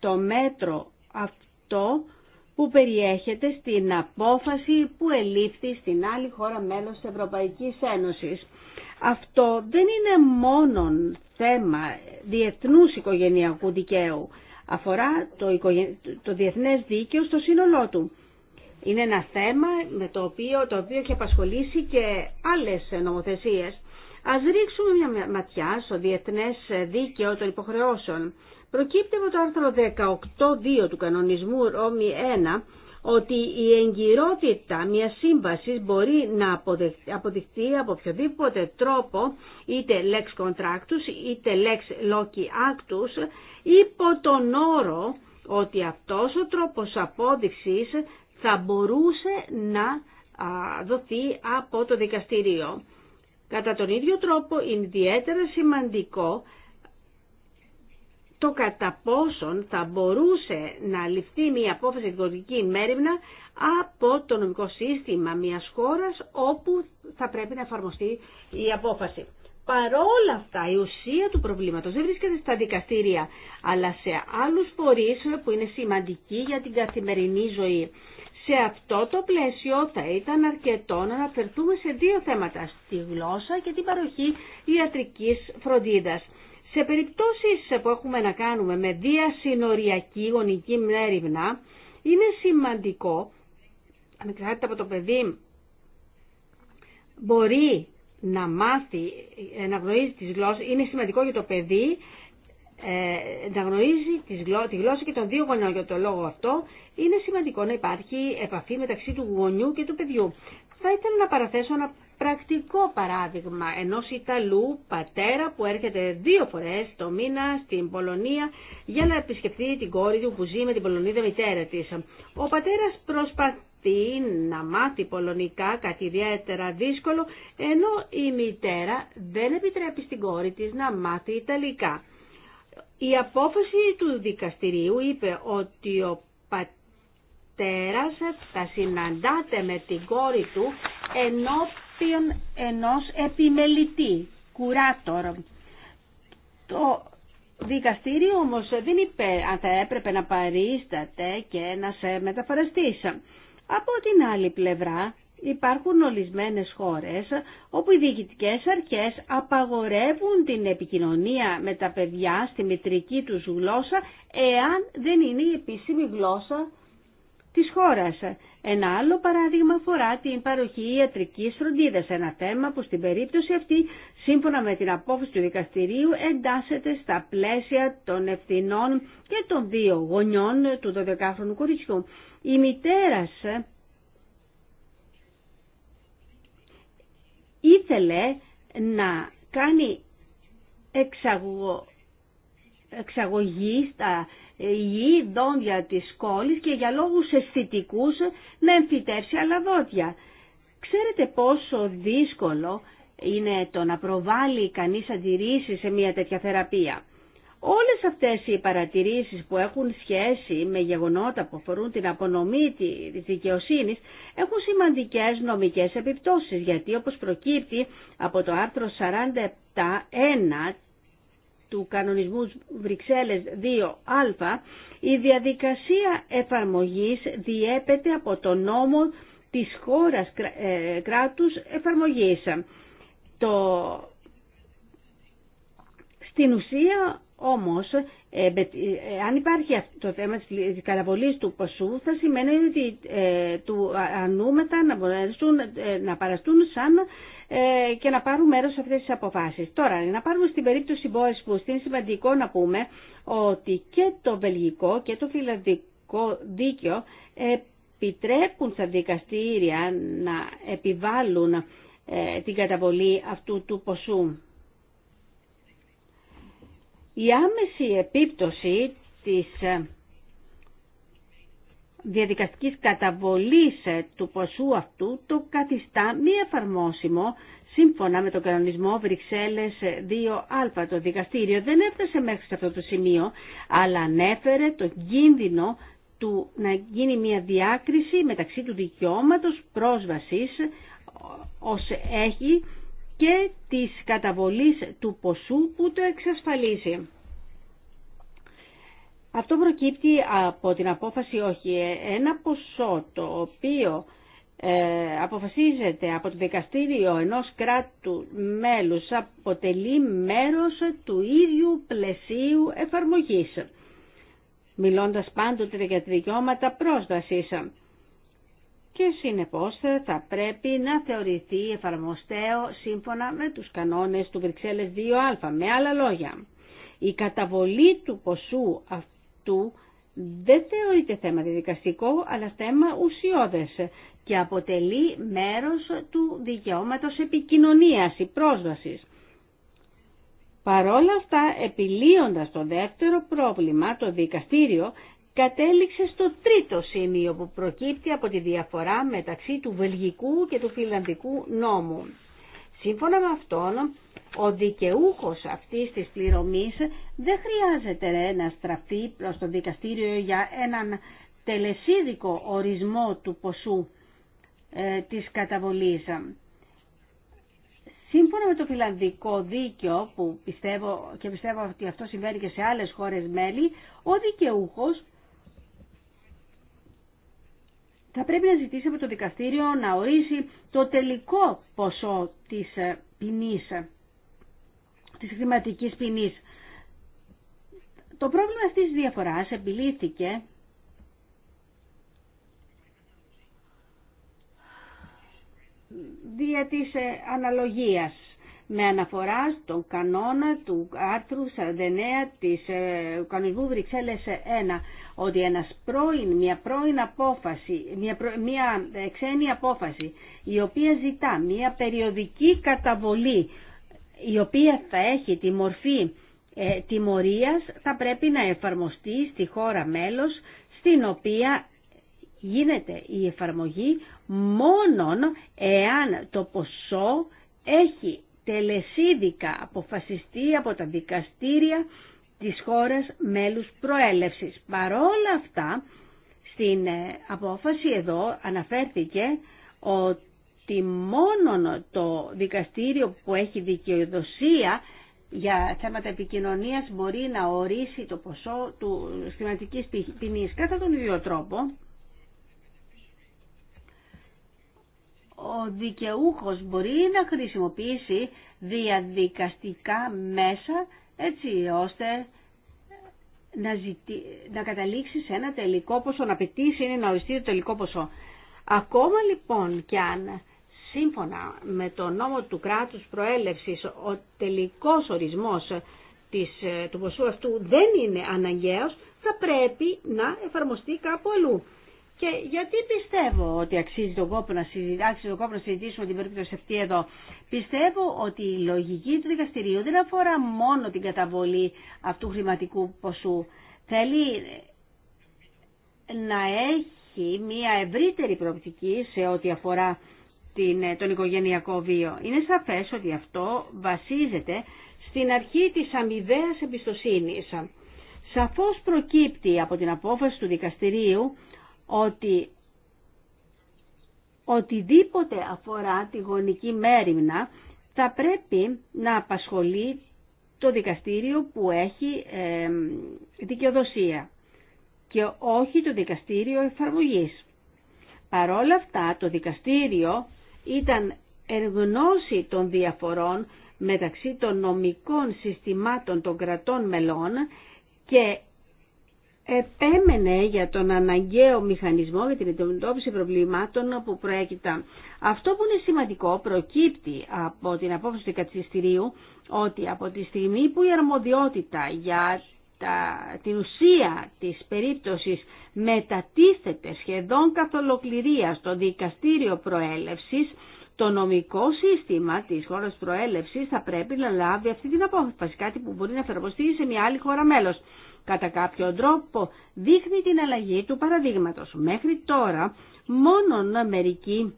το μέτρο αυτό που περιέχεται στην απόφαση που ελήφθη στην άλλη χώρα μέλος της Ευρωπαϊκής Ένωσης. Αυτό δεν είναι μόνο θέμα διεθνούς οικογενειακού δικαίου. Αφορά το, το διεθνές δίκαιο στο σύνολό του. Είναι ένα θέμα με το οποίο, το οποίο έχει απασχολήσει και άλλες νομοθεσίες. Ας ρίξουμε μια ματιά στο Διεθνές Δίκαιο των Υποχρεώσεων. Προκύπτει από το άρθρο 18.2 του κανονισμού Ρώμη 1 ότι η εγκυρότητα μιας σύμβασης μπορεί να αποδειχθεί από οποιοδήποτε τρόπο, είτε lex contractus είτε lex loci actus, υπό τον όρο ότι αυτός ο τρόπος απόδειξης θα μπορούσε να δοθεί από το δικαστήριο. Κατά τον ίδιο τρόπο είναι ιδιαίτερα σημαντικό το κατά πόσον θα μπορούσε να ληφθεί μια απόφαση δικαιωτική μέρημνα από το νομικό σύστημα μιας χώρας όπου θα πρέπει να εφαρμοστεί η απόφαση. Παρόλα αυτά η ουσία του προβλήματος δεν βρίσκεται στα δικαστήρια, αλλά σε άλλους φορείς που είναι σημαντικοί για την καθημερινή ζωή. Σε αυτό το πλαίσιο θα ήταν αρκετό να αναφερθούμε σε δύο θέματα, στη γλώσσα και την παροχή ιατρικής φροντίδας. Σε περιπτώσεις που έχουμε να κάνουμε με διασυνοριακή γονική μέρημνα, είναι σημαντικό, ανεξάρτητα από το παιδί, μπορεί να μάθει, ε, να γνωρίζει τις γλώσσες, είναι σημαντικό για το παιδί ε, να γνωρίζει τη γλώσσα και των δύο γονιών για το λόγο αυτό, είναι σημαντικό να υπάρχει επαφή μεταξύ του γονιού και του παιδιού. Θα ήθελα να παραθέσω ένα πρακτικό παράδειγμα ενός Ιταλού πατέρα που έρχεται δύο φορές το μήνα στην Πολωνία για να επισκεφτεί την κόρη του που ζει με την Πολωνίδα μητέρα της. Ο πατέρας προσπαθεί να μάθει πολωνικά, κάτι ιδιαίτερα δύσκολο, ενώ η μητέρα δεν επιτρέπει στην κόρη της να μάθει ιταλικά. Η απόφαση του δικαστηρίου είπε ότι ο πατέρας θα συναντάται με την κόρη του ενώπιον ενός επιμελητή, κουράτορ. Το δικαστήριο όμως δεν είπε αν θα έπρεπε να παρίσταται και να σε μεταφοραστής. Από την άλλη πλευρά υπάρχουν ολισμένες χώρες όπου οι διοικητικές αρχές απαγορεύουν την επικοινωνία με τα παιδιά στη μητρική τους γλώσσα εάν δεν είναι η επίσημη γλώσσα της χώρας. Ένα άλλο παράδειγμα αφορά την παροχή ιατρικής φροντίδας, ένα θέμα που στην περίπτωση αυτή, σύμφωνα με την απόφαση του δικαστηρίου, εντάσσεται στα πλαίσια των ευθυνών και των δύο γονιών του 12χρονου κοριτσιού. Η μητέρα ήθελε να κάνει εξαγωγή εξαγωγή στα υγιή δόντια της κόλλης και για λόγους αισθητικούς να εμφυτεύσει άλλα δόντια. Ξέρετε πόσο δύσκολο είναι το να προβάλλει κανείς αντιρρήσεις σε μια τέτοια θεραπεία. Όλες αυτές οι παρατηρήσεις που έχουν σχέση με γεγονότα που αφορούν την απονομή της δικαιοσύνης έχουν σημαντικές νομικές επιπτώσεις γιατί όπως προκύπτει από το άρθρο 47.1 του κανονισμού Βρυξέλλες 2α, η διαδικασία εφαρμογής διέπεται από το νόμο της χώρας ε, κράτους εφαρμογής. Το... Στην ουσία όμως, ε, ε, αν υπάρχει το θέμα της καταβολής του ποσού, θα σημαίνει ότι του ανούμετα να μπορέσουν να παραστούν σαν ε, και να πάρουν μέρο σε αυτές τις αποφάσεις. Τώρα, να πάρουμε στην περίπτωση που είναι σημαντικό να πούμε ότι και το βελγικό και το φιλανδικό δίκαιο επιτρέπουν στα δικαστήρια να επιβάλλουν ε, την καταβολή αυτού του ποσού. Η άμεση επίπτωση της ε, διαδικαστικής καταβολής ε, του ποσού αυτού το καθιστά μη εφαρμόσιμο σύμφωνα με τον κανονισμό Βρυξέλλες 2α. Το δικαστήριο δεν έφτασε μέχρι σε αυτό το σημείο, αλλά ανέφερε το κίνδυνο του να γίνει μια διάκριση μεταξύ του δικαιώματος πρόσβασης ως έχει και της καταβολής του ποσού που το εξασφαλίζει. Αυτό προκύπτει από την απόφαση όχι ε, ένα ποσό το οποίο ε, αποφασίζεται από το δικαστήριο ενός κράτου μέλους αποτελεί μέρος του ίδιου πλαισίου εφαρμογής μιλώντας πάντοτε για τα δικαιώματα πρόσβασης και συνεπώς θα πρέπει να θεωρηθεί εφαρμοστέο σύμφωνα με τους κανόνες του Βρυξέλλες 2α. Με άλλα λόγια, η καταβολή του ποσού αυτού δεν θεωρείται θέμα διδικαστικό, αλλά θέμα ουσιώδες και αποτελεί μέρος του δικαιώματος επικοινωνίας ή πρόσβασης. Παρόλα αυτά, επιλύοντας το δεύτερο πρόβλημα, το δικαστήριο, κατέληξε στο τρίτο σημείο που προκύπτει από τη διαφορά μεταξύ του βελγικού και του φιλανδικού νόμου. Σύμφωνα με αυτόν, ο δικαιούχος αυτής της πληρωμής δεν χρειάζεται να στραφεί προς το δικαστήριο για έναν τελεσίδικο ορισμό του ποσού ε, της καταβολής. Σύμφωνα με το φιλανδικό δίκαιο που πιστεύω και πιστεύω ότι αυτό συμβαίνει και σε άλλες χώρες μέλη, ο δικαιούχος θα πρέπει να ζητήσει από το δικαστήριο να ορίσει το τελικό ποσό της ε, ποινής, ε, της χρηματικής ποινής. Το πρόβλημα αυτής της διαφοράς επιλύθηκε δια της ε, αναλογίας με αναφορά στον κανόνα του άρθρου 49 της ε, κανονισμού Βρυξέλλες 1 ότι ένας πρώην, μια πρώην απόφαση, μια, μια ξένη απόφαση η οποία ζητά μια περιοδική καταβολή η οποία θα έχει τη μορφή ε, τιμωρίας θα πρέπει να εφαρμοστεί στη χώρα μέλος στην οποία γίνεται η εφαρμογή μόνον εάν το ποσό έχει τελεσίδικα αποφασιστεί από τα δικαστήρια της χώρας μέλους προέλευσης. Παρόλα αυτά, στην ε, απόφαση εδώ αναφέρθηκε ότι μόνο το δικαστήριο που έχει δικαιοδοσία για θέματα επικοινωνίας μπορεί να ορίσει το ποσό του σχηματικής ποινής. Κατά τον ίδιο τρόπο, ο δικαιούχος μπορεί να χρησιμοποιήσει διαδικαστικά μέσα έτσι ώστε να, να καταλήξει σε ένα τελικό ποσό, να πετύσει είναι να οριστεί το τελικό ποσό. Ακόμα λοιπόν και αν σύμφωνα με το νόμο του κράτους προέλευσης ο τελικός ορισμός της, ε, του ποσού αυτού δεν είναι αναγκαίος, θα πρέπει να εφαρμοστεί κάπου αλλού. Και γιατί πιστεύω ότι αξίζει τον κόπο να, συζητήσουμε την περίπτωση αυτή εδώ. Πιστεύω ότι η λογική του δικαστηρίου δεν αφορά μόνο την καταβολή αυτού χρηματικού ποσού. Θέλει να έχει μια ευρύτερη προοπτική σε ό,τι αφορά την, ε, τον οικογενειακό βίο. Είναι σαφές ότι αυτό βασίζεται στην αρχή της αμοιβαίας εμπιστοσύνης. Σαφώς προκύπτει από την απόφαση του δικαστηρίου ότι οτιδήποτε αφορά τη γονική μέρημνα θα πρέπει να απασχολεί το δικαστήριο που έχει δικαιοδοσία και όχι το δικαστήριο εφαρμογής. Παρόλα αυτά το δικαστήριο ήταν γνώση των διαφορών μεταξύ των νομικών συστημάτων των κρατών μελών και επέμενε για τον αναγκαίο μηχανισμό για την αντιμετώπιση προβλημάτων που προέκυπταν. Αυτό που είναι σημαντικό προκύπτει από την απόφαση του Κατσιστηρίου ότι από τη στιγμή που η αρμοδιότητα για την ουσία της περίπτωσης μετατίθεται σχεδόν καθ' ολοκληρία στο δικαστήριο προέλευσης, το νομικό σύστημα της χώρα προέλευση θα πρέπει να λάβει αυτή την απόφαση, κάτι που μπορεί να εφαρμοστεί σε μια άλλη χώρα μέλο. Κατά κάποιο τρόπο δείχνει την αλλαγή του παραδείγματος. Μέχρι τώρα μόνον μερικοί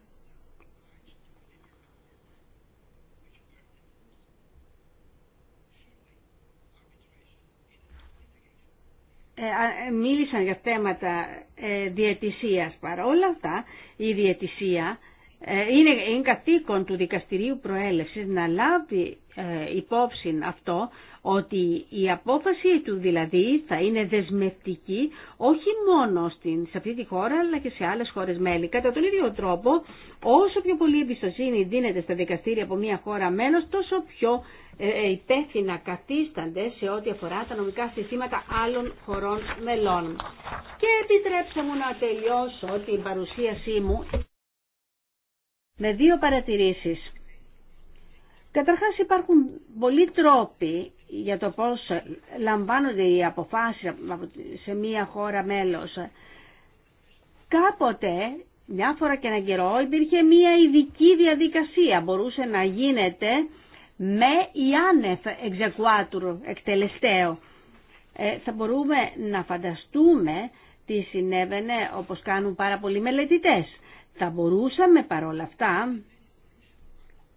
ε, ε, μίλησαν για θέματα ε, διαιτησίας. Παρ' όλα αυτά η διαιτησία ε, είναι καθήκον του δικαστηρίου προέλευσης να λάβει ε, υπόψη αυτό ότι η απόφαση του δηλαδή θα είναι δεσμευτική όχι μόνο στην, σε αυτή τη χώρα αλλά και σε άλλες χώρες μέλη. Κατά τον ίδιο τρόπο όσο πιο πολύ εμπιστοσύνη δίνεται στα δικαστήρια από μια χώρα μέλος τόσο πιο ε, υπεύθυνα καθίστανται σε ό,τι αφορά τα νομικά συστήματα άλλων χωρών μελών. Και επιτρέψτε μου να τελειώσω την παρουσίασή μου με δύο παρατηρήσεις. Καταρχάς υπάρχουν πολλοί τρόποι για το πώς λαμβάνονται οι αποφάσεις σε μία χώρα μέλος. Κάποτε, μια φορά και έναν καιρό, υπήρχε μία ειδική διαδικασία. Μπορούσε να γίνεται με ή άνευ εξεκουάτουρ εκτελεστέο. Ε, θα μπορούμε να φανταστούμε τι συνέβαινε όπως κάνουν πάρα πολλοί μελετητές. Θα μπορούσαμε παρόλα αυτά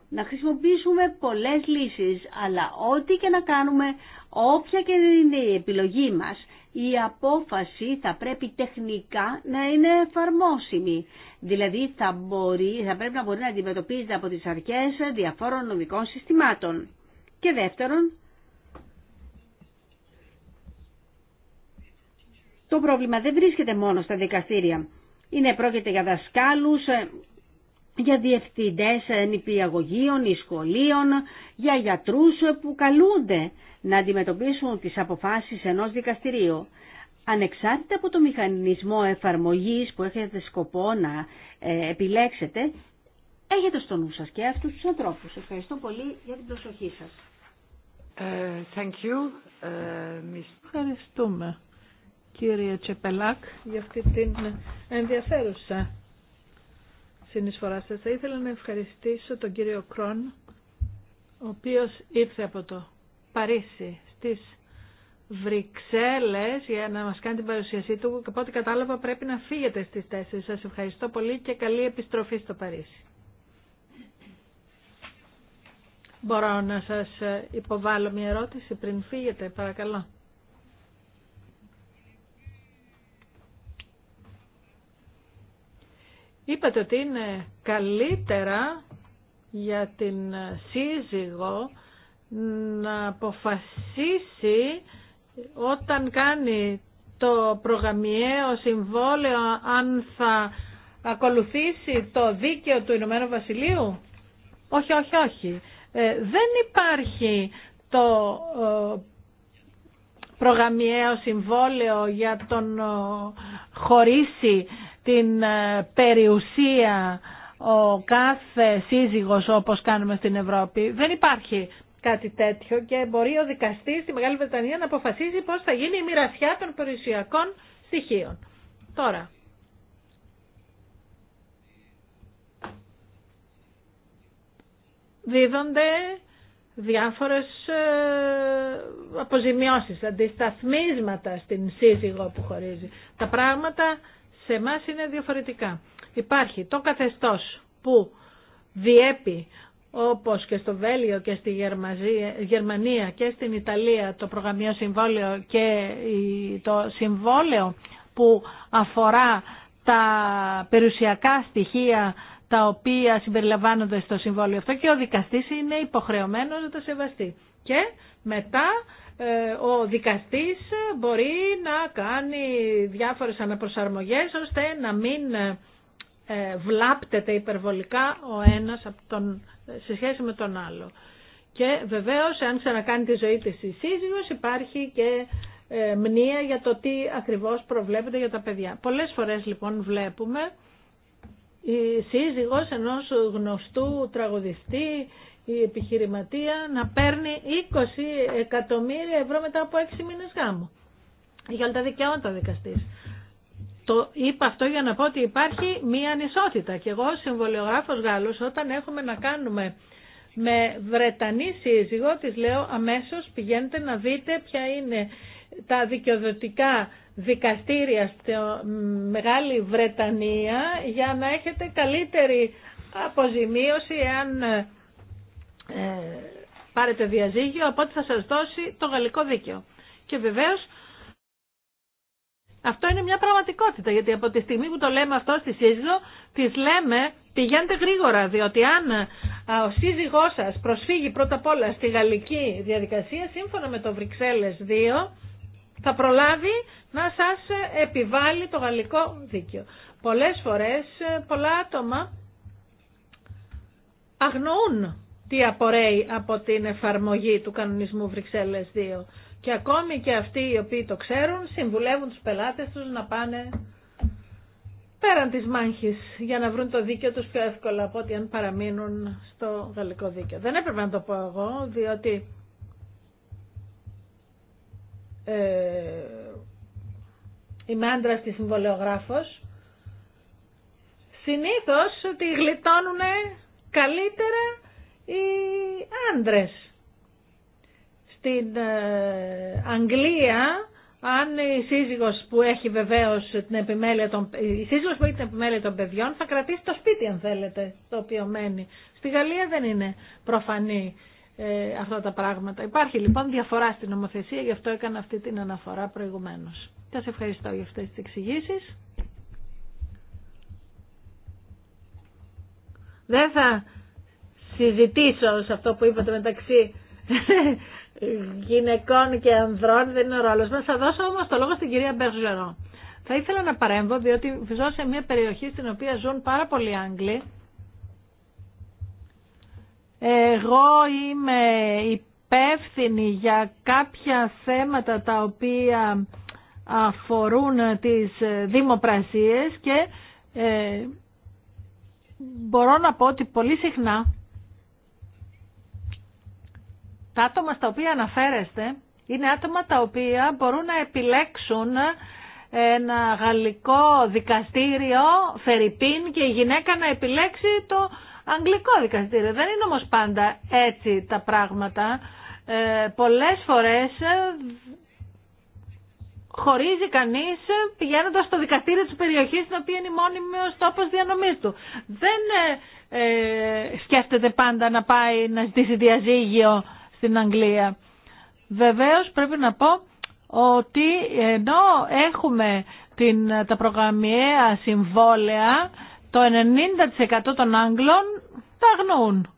να χρησιμοποιήσουμε πολλές λύσεις, αλλά ό,τι και να κάνουμε, όποια και είναι η επιλογή μας, η απόφαση θα πρέπει τεχνικά να είναι εφαρμόσιμη. Δηλαδή θα, μπορεί, θα πρέπει να μπορεί να αντιμετωπίζεται από τις αρχές διαφόρων νομικών συστημάτων. Και δεύτερον, το πρόβλημα δεν βρίσκεται μόνο στα δικαστήρια. Είναι πρόκειται για δασκάλους, ε, για διευθυντές ε, νηπιαγωγείων ή σχολείων, για γιατρούς ε, που καλούνται να αντιμετωπίσουν τις αποφάσεις ενός δικαστηρίου. Ανεξάρτητα από το μηχανισμό εφαρμογής που έχετε σκοπό να επιλέξετε, έχετε στο νου σας και αυτούς τους ανθρώπους. Ευχαριστώ πολύ για την προσοχή σας. Ευχαριστούμε κύριε Τσεπελάκ για αυτή την ενδιαφέρουσα συνεισφορά σας. Θα ήθελα να ευχαριστήσω τον κύριο Κρόν, ο οποίος ήρθε από το Παρίσι στις Βρυξέλλες για να μας κάνει την παρουσίασή του και από ό,τι κατάλαβα πρέπει να φύγετε στις 4. Σας ευχαριστώ πολύ και καλή επιστροφή στο Παρίσι. Μπορώ να σας υποβάλω μια ερώτηση πριν φύγετε, παρακαλώ. Είπατε ότι είναι καλύτερα για την σύζυγο να αποφασίσει όταν κάνει το προγαμιαίο συμβόλαιο αν θα ακολουθήσει το δίκαιο του Ηνωμένου Βασιλείου. Όχι, όχι, όχι. Ε, δεν υπάρχει το ε, προγαμιαίο συμβόλαιο για τον ε, χωρίσει την ε, περιουσία ο κάθε σύζυγος όπως κάνουμε στην Ευρώπη. Δεν υπάρχει κάτι τέτοιο και μπορεί ο δικαστής στη Μεγάλη Βρετανία να αποφασίζει πώς θα γίνει η μοιρασιά των περιουσιακών στοιχείων. Τώρα, δίδονται διάφορες ε, αποζημιώσεις, αντισταθμίσματα στην σύζυγο που χωρίζει. Τα πράγματα σε εμά είναι διαφορετικά. Υπάρχει το καθεστώς που διέπει όπως και στο Βέλιο και στη Γερμανία και στην Ιταλία το προγραμμιό συμβόλαιο και το συμβόλαιο που αφορά τα περιουσιακά στοιχεία τα οποία συμπεριλαμβάνονται στο συμβόλαιο αυτό και ο δικαστής είναι υποχρεωμένος να το σεβαστεί. Και μετά ε, ο δικαστής μπορεί να κάνει διάφορες αναπροσαρμογές ώστε να μην ε, βλάπτεται υπερβολικά ο ένας από τον, σε σχέση με τον άλλο. Και βεβαίως αν ξανακάνει τη ζωή της η σύζυγος υπάρχει και ε, μνήα για το τι ακριβώς προβλέπεται για τα παιδιά. Πολλές φορές λοιπόν βλέπουμε η σύζυγος ενός γνωστού τραγουδιστή η επιχειρηματία να παίρνει 20 εκατομμύρια ευρώ μετά από 6 μήνες γάμου για όλα τα δικαιώματα δικαστής. Το είπα αυτό για να πω ότι υπάρχει μία ανισότητα και εγώ ως συμβολιογράφος Γάλλος όταν έχουμε να κάνουμε με Βρετανή σύζυγο της λέω αμέσως πηγαίνετε να δείτε ποια είναι τα δικαιοδοτικά δικαστήρια στη Μεγάλη Βρετανία για να έχετε καλύτερη αποζημίωση εάν ε, πάρετε διαζύγιο από ό,τι θα σας δώσει το γαλλικό δίκαιο. Και βεβαίως αυτό είναι μια πραγματικότητα, γιατί από τη στιγμή που το λέμε αυτό στη σύζυγο, τη λέμε πηγαίνετε γρήγορα, διότι αν ε, ο σύζυγός σας προσφύγει πρώτα απ' όλα στη γαλλική διαδικασία, σύμφωνα με το Βρυξέλλες 2, θα προλάβει να σας επιβάλλει το γαλλικό δίκαιο. Πολλές φορές ε, πολλά άτομα αγνοούν τι απορρέει από την εφαρμογή του κανονισμού Βρυξέλλες 2. Και ακόμη και αυτοί οι οποίοι το ξέρουν συμβουλεύουν τους πελάτες τους να πάνε πέραν της μάχης για να βρουν το δίκαιο τους πιο εύκολα από ότι αν παραμείνουν στο γαλλικό δίκαιο. Δεν έπρεπε να το πω εγώ, διότι ε, είμαι άντρας της συμβολεογράφος. Συνήθως ότι γλιτώνουν καλύτερα οι άντρες. Στην ε, Αγγλία, αν η σύζυγος που έχει βεβαίως την επιμέλεια των, η σύζυγος που επιμέλεια των παιδιών θα κρατήσει το σπίτι αν θέλετε, το οποίο μένει. Στη Γαλλία δεν είναι προφανή ε, αυτά τα πράγματα. Υπάρχει λοιπόν διαφορά στην νομοθεσία, γι' αυτό έκανα αυτή την αναφορά προηγουμένως. Σας ευχαριστώ για αυτές τις εξηγήσεις. Δεν θα συζητήσω σε αυτό που είπατε μεταξύ γυναικών και ανδρών, δεν είναι ο ρόλος μας. Θα δώσω όμως το λόγο στην κυρία Μπερζερό. Θα ήθελα να παρέμβω διότι ζω σε μια περιοχή στην οποία ζουν πάρα πολλοί Άγγλοι. Εγώ είμαι υπεύθυνη για κάποια θέματα τα οποία αφορούν τις δημοπρασίες και ε, μπορώ να πω ότι πολύ συχνά τα άτομα στα οποία αναφέρεστε είναι άτομα τα οποία μπορούν να επιλέξουν ένα γαλλικό δικαστήριο, Φερρυπίν και η γυναίκα να επιλέξει το αγγλικό δικαστήριο. Δεν είναι όμως πάντα έτσι τα πράγματα. Ε, πολλές φορές ε, χωρίζει κανείς ε, πηγαίνοντας στο δικαστήριο της περιοχής στην οποία είναι η ως τόπος διανομής του. Δεν ε, σκέφτεται πάντα να πάει να ζητήσει διαζύγιο στην Αγγλία. Βεβαίως πρέπει να πω ότι ενώ έχουμε την, τα προγραμμιαία συμβόλαια, το 90% των Άγγλων τα αγνοούν.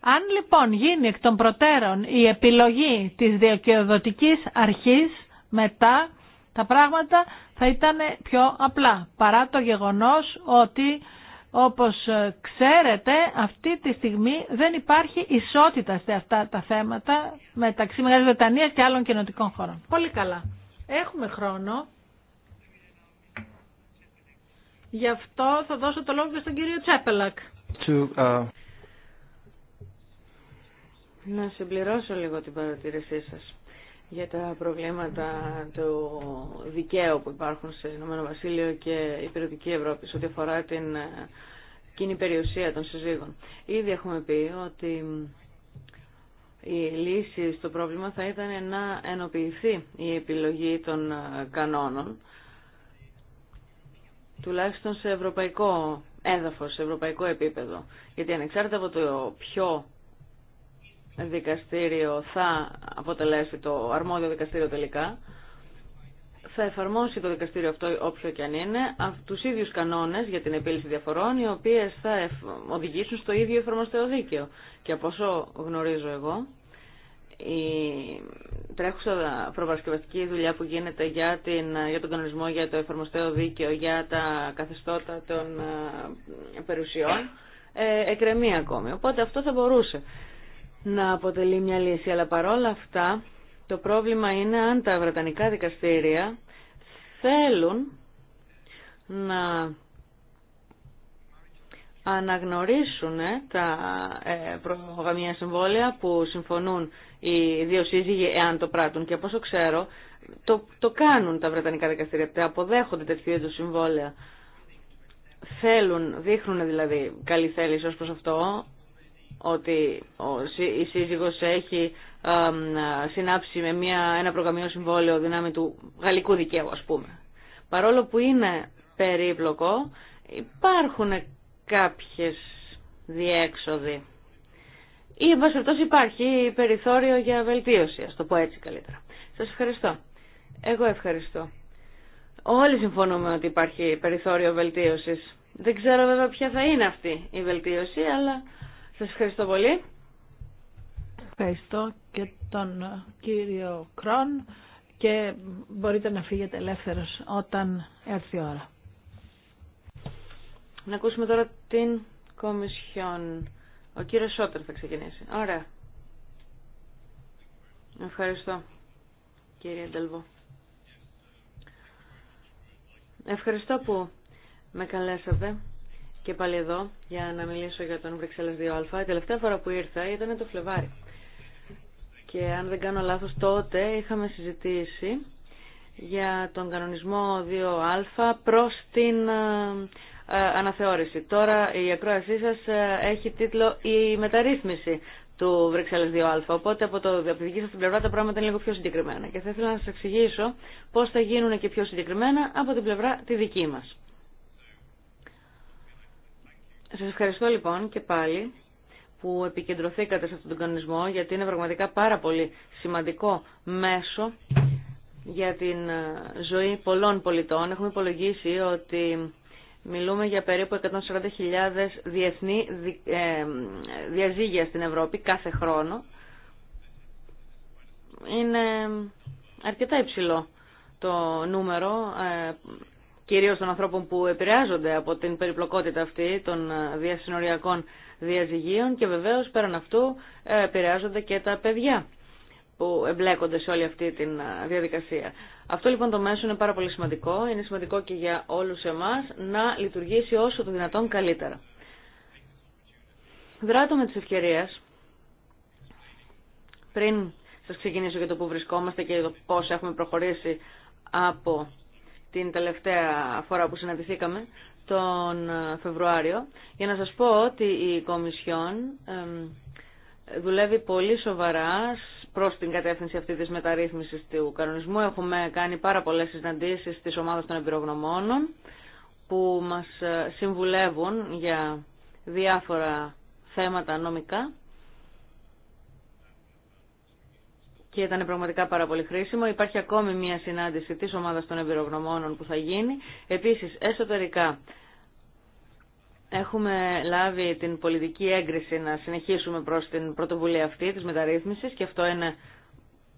Αν λοιπόν γίνει εκ των προτέρων η επιλογή της διοικητικής αρχής μετά, τα πράγματα θα ήταν πιο απλά, παρά το γεγονός ότι όπως ε, ξέρετε, αυτή τη στιγμή δεν υπάρχει ισότητα σε αυτά τα θέματα μεταξύ Μεγάλης Βρετανίας και άλλων κοινοτικών χωρών. Πολύ καλά. Έχουμε χρόνο. Γι' αυτό θα δώσω το λόγο και στον κύριο Τσέπελακ. Uh, Να συμπληρώσω λίγο την παρατήρησή σας για τα προβλήματα του δικαίου που υπάρχουν σε Ηνωμένο Βασίλειο και η περιοδική Ευρώπη σε ό,τι αφορά την ε, κοινή περιουσία των συζύγων. Ήδη έχουμε πει ότι η λύση στο πρόβλημα θα ήταν να ενοποιηθεί η επιλογή των ε, κανόνων τουλάχιστον σε ευρωπαϊκό έδαφος, σε ευρωπαϊκό επίπεδο. Γιατί ανεξάρτητα από το ποιο δικαστήριο θα αποτελέσει το αρμόδιο δικαστήριο τελικά. Θα εφαρμόσει το δικαστήριο αυτό όποιο και αν είναι τους ίδιους κανόνες για την επίλυση διαφορών οι οποίες θα οδηγήσουν στο ίδιο εφαρμοστέο δίκαιο. Και από όσο γνωρίζω εγώ, η τρέχουσα προπαρασκευαστική δουλειά που γίνεται για, την, για τον κανονισμό για το εφαρμοστέο δίκαιο, για τα καθεστώτα των ε, περιουσιών, ε, ακόμη. Οπότε αυτό θα μπορούσε να αποτελεί μια λύση. Αλλά παρόλα αυτά το πρόβλημα είναι αν τα βρετανικά δικαστήρια θέλουν να αναγνωρίσουν ε, τα ε, προγαμία συμβόλαια που συμφωνούν οι δύο σύζυγοι εάν το πράττουν. Και από όσο ξέρω, το, το κάνουν τα Βρετανικά δικαστήρια, τα αποδέχονται τέτοιου είδου συμβόλαια. Θέλουν, δείχνουν δηλαδή καλή θέληση ως προς αυτό, ότι η σύζυγος έχει συνάψει με μια, ένα προγραμμιό συμβόλαιο δυνάμει του γαλλικού δικαίου ας πούμε. Παρόλο που είναι περίπλοκο υπάρχουν κάποιες διέξοδοι ή εν υπάρχει περιθώριο για βελτίωση, ας το πω έτσι καλύτερα. Σας ευχαριστώ. Εγώ ευχαριστώ. Όλοι συμφωνούμε ότι υπάρχει περιθώριο βελτίωσης. Δεν ξέρω βέβαια ποια θα είναι αυτή η βελτίωση, αλλά Σα ευχαριστώ πολύ. Ευχαριστώ και τον κύριο Κρόν και μπορείτε να φύγετε ελεύθερος όταν έρθει η ώρα. Να ακούσουμε τώρα την Κομισιόν. Ο κύριος Σότερ θα ξεκινήσει. Ωραία. Ευχαριστώ, κύριε Ντελβό. Ευχαριστώ που με καλέσατε και πάλι εδώ για να μιλήσω για τον Βρυξέλλες 2α. Η τελευταία φορά που ήρθα ήταν το Φλεβάρι. Και αν δεν κάνω λάθος τότε είχαμε συζητήσει για τον κανονισμό 2α προς την ε, ε, αναθεώρηση. Τώρα η ακρόασή σας ε, έχει τίτλο «Η μεταρρύθμιση» του Βρυξέλλες 2α. Οπότε από, το, από τη δική σας την πλευρά τα πράγματα είναι λίγο πιο συγκεκριμένα. Και θα ήθελα να σας εξηγήσω πώς θα γίνουν και πιο συγκεκριμένα από την πλευρά τη δική μας. Σας ευχαριστώ λοιπόν και πάλι που επικεντρωθήκατε σε αυτόν τον κανονισμό γιατί είναι πραγματικά πάρα πολύ σημαντικό μέσο για την ε, ζωή πολλών πολιτών. Έχουμε υπολογίσει ότι μιλούμε για περίπου 140.000 διεθνή ε, διαζύγια στην Ευρώπη κάθε χρόνο. Είναι αρκετά υψηλό το νούμερο ε, κυρίως των ανθρώπων που επηρεάζονται από την περιπλοκότητα αυτή των ε, διασυνοριακών διαζυγίων και βεβαίως πέραν αυτού ε, επηρεάζονται και τα παιδιά που εμπλέκονται σε όλη αυτή τη ε, διαδικασία. Αυτό λοιπόν το μέσο είναι πάρα πολύ σημαντικό, είναι σημαντικό και για όλους εμάς να λειτουργήσει όσο το δυνατόν καλύτερα. Δράτω με τις ευκαιρίες, πριν σας ξεκινήσω για το που βρισκόμαστε και το πώς έχουμε προχωρήσει από την τελευταία φορά που συναντηθήκαμε, τον ε, Φεβρουάριο, για να σας πω ότι η Κομισιόν δουλεύει πολύ σοβαρά προς την κατεύθυνση αυτή της μεταρρύθμισης του κανονισμού. Έχουμε κάνει πάρα πολλές συναντήσεις της ομάδας των εμπειρογνωμόνων που μας ε, συμβουλεύουν για διάφορα θέματα νομικά και ήταν πραγματικά πάρα πολύ χρήσιμο. Υπάρχει ακόμη μια συνάντηση της ομάδας των εμπειρογνωμόνων που θα γίνει. Επίσης, εσωτερικά, Έχουμε λάβει την πολιτική έγκριση να συνεχίσουμε προς την πρωτοβουλία αυτή της μεταρρύθμισης και αυτό είναι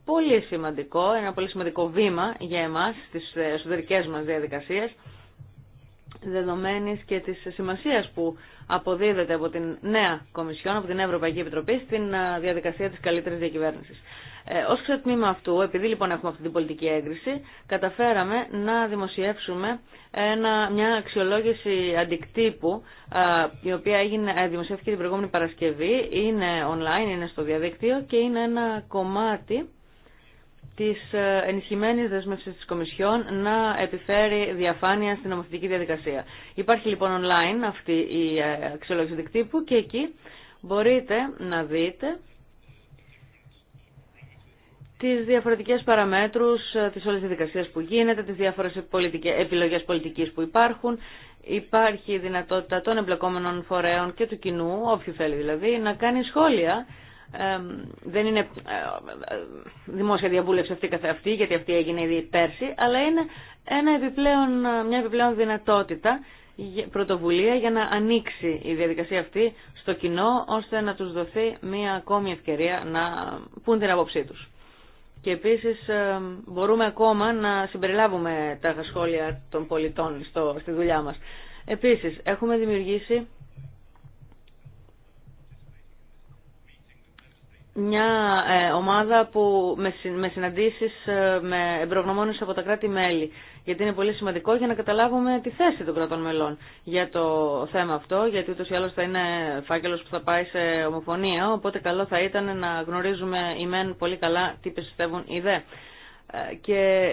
πολύ σημαντικό, ένα πολύ σημαντικό βήμα για εμάς στις εσωτερικές μας διαδικασίες δεδομένης και της σημασίας που αποδίδεται από την νέα Κομισιόν, από την Ευρωπαϊκή Επιτροπή στην διαδικασία της καλύτερης διακυβέρνησης. Ε, ως ξετμήμα αυτού, επειδή λοιπόν έχουμε αυτή την πολιτική έγκριση, καταφέραμε να δημοσιεύσουμε ένα, μια αξιολόγηση αντικτύπου, η οποία έγινε, ε, δημοσιεύτηκε την προηγούμενη Παρασκευή, είναι online, είναι στο διαδίκτυο και είναι ένα κομμάτι της ε, ενισχυμένης δεσμεύσης της Κομισιόν να επιφέρει διαφάνεια στην νομοθετική διαδικασία. Υπάρχει λοιπόν online αυτή η ε, αξιολόγηση δικτύπου και εκεί μπορείτε να δείτε τις διαφορετικές παραμέτρους, ε, τη όλες διαδικασία που γίνεται, τις διάφορες επιλογέ επιλογές πολιτικής που υπάρχουν. Υπάρχει η δυνατότητα των εμπλεκόμενων φορέων και του κοινού, όποιου θέλει δηλαδή, να κάνει σχόλια. Ε, δεν είναι ε, ε, δημόσια διαβούλευση αυτή καθ' αυτή, γιατί αυτή έγινε ήδη πέρσι, αλλά είναι ένα επιπλέον, μια επιπλέον δυνατότητα, πρωτοβουλία για να ανοίξει η διαδικασία αυτή στο κοινό, ώστε να τους δοθεί μια ακόμη ευκαιρία να πούν την άποψή τους. Και επίσης ε, μπορούμε ακόμα να συμπεριλάβουμε τα σχόλια των πολιτών στο, στη δουλειά μας. Επίσης, έχουμε δημιουργήσει μια ε, ομάδα που με συναντήσεις ε, με εμπρογνωμόνε από τα κράτη-μέλη γιατί είναι πολύ σημαντικό για να καταλάβουμε τη θέση των κρατών μελών για το θέμα αυτό, γιατί ούτως ή άλλως θα είναι φάκελος που θα πάει σε ομοφωνία, οπότε καλό θα ήταν να γνωρίζουμε οι μεν πολύ καλά τι πιστεύουν οι δε. Ε, και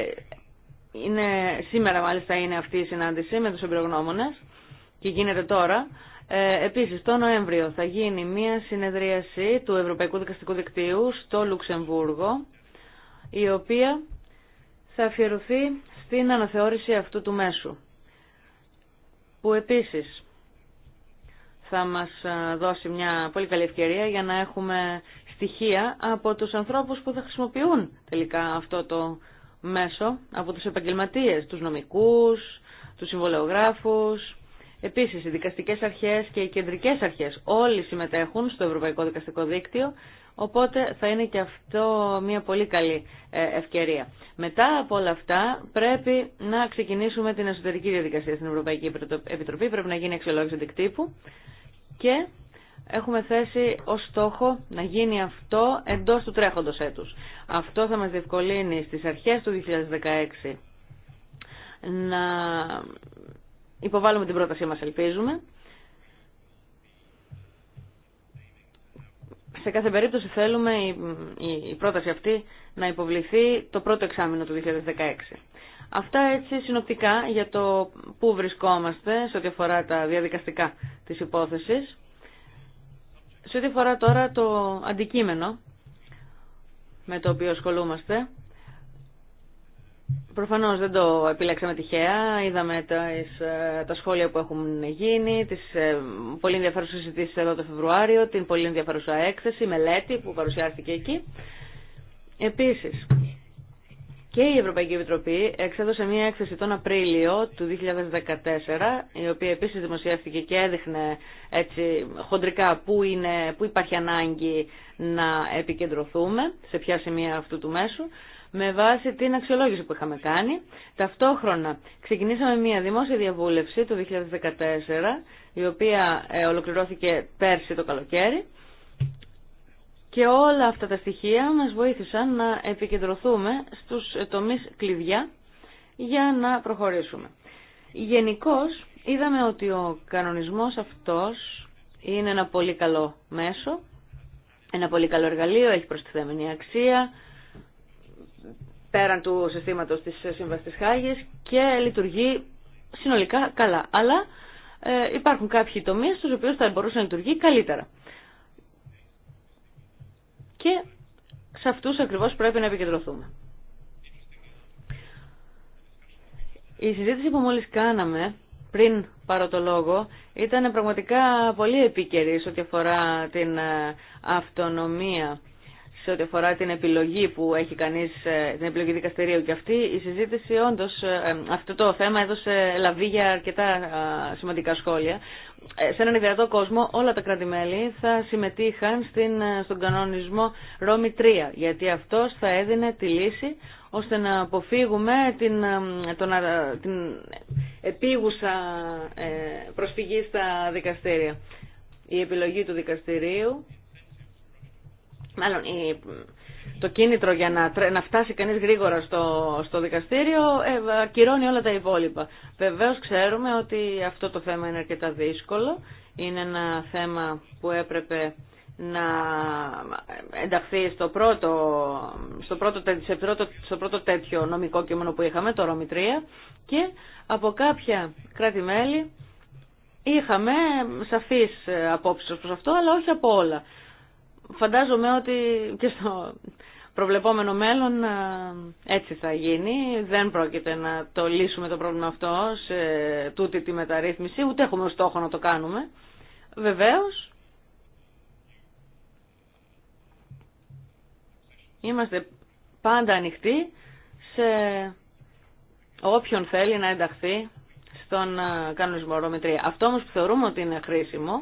είναι, σήμερα μάλιστα είναι αυτή η συνάντηση με τους εμπειρογνώμονες και γίνεται τώρα. Ε, επίσης, το Νοέμβριο θα γίνει μια συνεδρίαση του Ευρωπαϊκού Δικαστικού Δικτύου στο Λουξεμβούργο, η οποία θα αφιερωθεί στην αναθεώρηση αυτού του μέσου, που επίσης θα μας ε, δώσει μια πολύ καλή ευκαιρία για να έχουμε στοιχεία από τους ανθρώπους που θα χρησιμοποιούν τελικά αυτό το μέσο, από τους επαγγελματίες, τους νομικούς, τους συμβολεογράφους, Επίσης, οι δικαστικές αρχές και οι κεντρικές αρχές όλοι συμμετέχουν στο Ευρωπαϊκό Δικαστικό Δίκτυο, οπότε θα είναι και αυτό μια πολύ καλή ε, ευκαιρία. Μετά από όλα αυτά, πρέπει να ξεκινήσουμε την εσωτερική διαδικασία στην Ευρωπαϊκή Επιτροπή, πρέπει να γίνει αξιολόγηση αντικτύπου και έχουμε θέσει ως στόχο να γίνει αυτό εντός του τρέχοντος έτους. Αυτό θα μας διευκολύνει στις αρχές του 2016 να υποβάλλουμε την πρότασή μας, ελπίζουμε. Σε κάθε περίπτωση θέλουμε η πρόταση αυτή να υποβληθεί το πρώτο εξάμεινο του 2016. Αυτά έτσι συνοπτικά για το πού βρισκόμαστε σε ό,τι αφορά τα διαδικαστικά της υπόθεσης. Σε ό,τι αφορά τώρα το αντικείμενο με το οποίο ασχολούμαστε, Προφανώς δεν το επιλέξαμε τυχαία. Είδαμε ε, τα σχόλια που έχουν γίνει, τις ε, πολύ ενδιαφέρουσε συζητήσει εδώ το Φεβρουάριο, την πολύ ενδιαφέρουσα έκθεση, μελέτη που παρουσιάστηκε εκεί. Επίσης, και η Ευρωπαϊκή Επιτροπή εξέδωσε μία έκθεση τον Απρίλιο του 2014, η οποία επίσης δημοσιεύτηκε και έδειχνε έτσι, χοντρικά πού, πού υπάρχει ανάγκη να επικεντρωθούμε, σε ποια σημεία αυτού του μέσου με βάση την αξιολόγηση που είχαμε κάνει. Ταυτόχρονα ξεκινήσαμε μια δημόσια διαβούλευση το 2014, η οποία ε, ολοκληρώθηκε πέρσι το καλοκαίρι. Και όλα αυτά τα στοιχεία μας βοήθησαν να επικεντρωθούμε στους ε, τομείς κλειδιά για να προχωρήσουμε. Γενικώ είδαμε ότι ο κανονισμός αυτός είναι ένα πολύ καλό μέσο, ένα πολύ καλό εργαλείο, έχει προστιθέμενη αξία, πέραν του συστήματος της Σύμβασης Χάγης και λειτουργεί συνολικά καλά. Αλλά ε, υπάρχουν κάποιοι τομείς στους οποίους θα μπορούσε να λειτουργεί καλύτερα. Και σε αυτούς ακριβώς πρέπει να επικεντρωθούμε. Η συζήτηση που μόλις κάναμε πριν πάρω το λόγο ήταν πραγματικά πολύ επίκαιρη σε ό,τι αφορά την ε, αυτονομία ό,τι αφορά την επιλογή που έχει κανείς, ε, την επιλογή δικαστηρίου και αυτή, η συζήτηση όντως, ε, ε, αυτό το θέμα έδωσε λαβή για αρκετά σημαντικά σχόλια. Σε έναν ιδιαίτερο κόσμο όλα τα κράτη-μέλη θα συμμετείχαν στην, στον κανονισμό Ρώμη 3, γιατί αυτό θα έδινε τη λύση ώστε να αποφύγουμε την, τον, την επίγουσα προσφυγή στα δικαστήρια. Η επιλογή του δικαστηρίου Μάλλον το κίνητρο για να, να φτάσει κανείς γρήγορα στο, στο δικαστήριο ε, ακυρώνει όλα τα υπόλοιπα. Βεβαίως ξέρουμε ότι αυτό το θέμα είναι αρκετά δύσκολο. Είναι ένα θέμα που έπρεπε να ενταχθεί στο πρώτο, στο πρώτο, στο πρώτο τέτοιο νομικό κείμενο που είχαμε, το ΡΟΜΗ 3, και από κάποια κράτη-μέλη είχαμε σαφείς ε, απόψεις προς αυτό, αλλά όχι από όλα φαντάζομαι ότι και στο προβλεπόμενο μέλλον ε, έτσι θα γίνει. Δεν πρόκειται να το λύσουμε το πρόβλημα αυτό σε τούτη τη μεταρρύθμιση, ούτε έχουμε ως στόχο να το κάνουμε. Βεβαίως, είμαστε πάντα ανοιχτοί σε όποιον θέλει να ενταχθεί στον ε, κανονισμό ορομετρία. Αυτό όμως που θεωρούμε ότι είναι χρήσιμο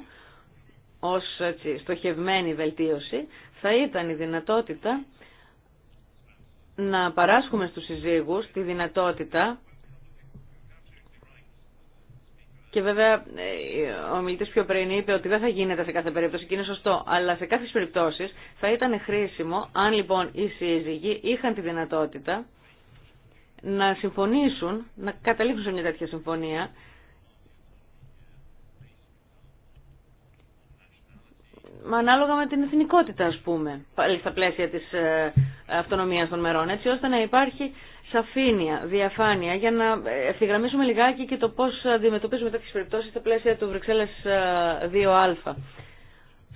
ως έτσι, στοχευμένη βελτίωση θα ήταν η δυνατότητα να παράσχουμε στους συζύγους τη δυνατότητα και βέβαια ε, ο μιλητής πιο πριν είπε ότι δεν θα γίνεται σε κάθε περίπτωση και είναι σωστό, αλλά σε κάθε περιπτώσεις θα ήταν χρήσιμο αν λοιπόν οι σύζυγοι είχαν τη δυνατότητα να συμφωνήσουν, να καταλήξουν σε μια τέτοια συμφωνία ανάλογα με την εθνικότητα ας πούμε, πάλι στα πλαίσια της ε, αυτονομίας των μερών, έτσι ώστε να υπάρχει σαφήνεια, διαφάνεια, για να ε, ευθυγραμμίσουμε λιγάκι και το πώς αντιμετωπίζουμε τέτοιες περιπτώσει στα πλαίσια του Βρυξέλλες 2α. Ε,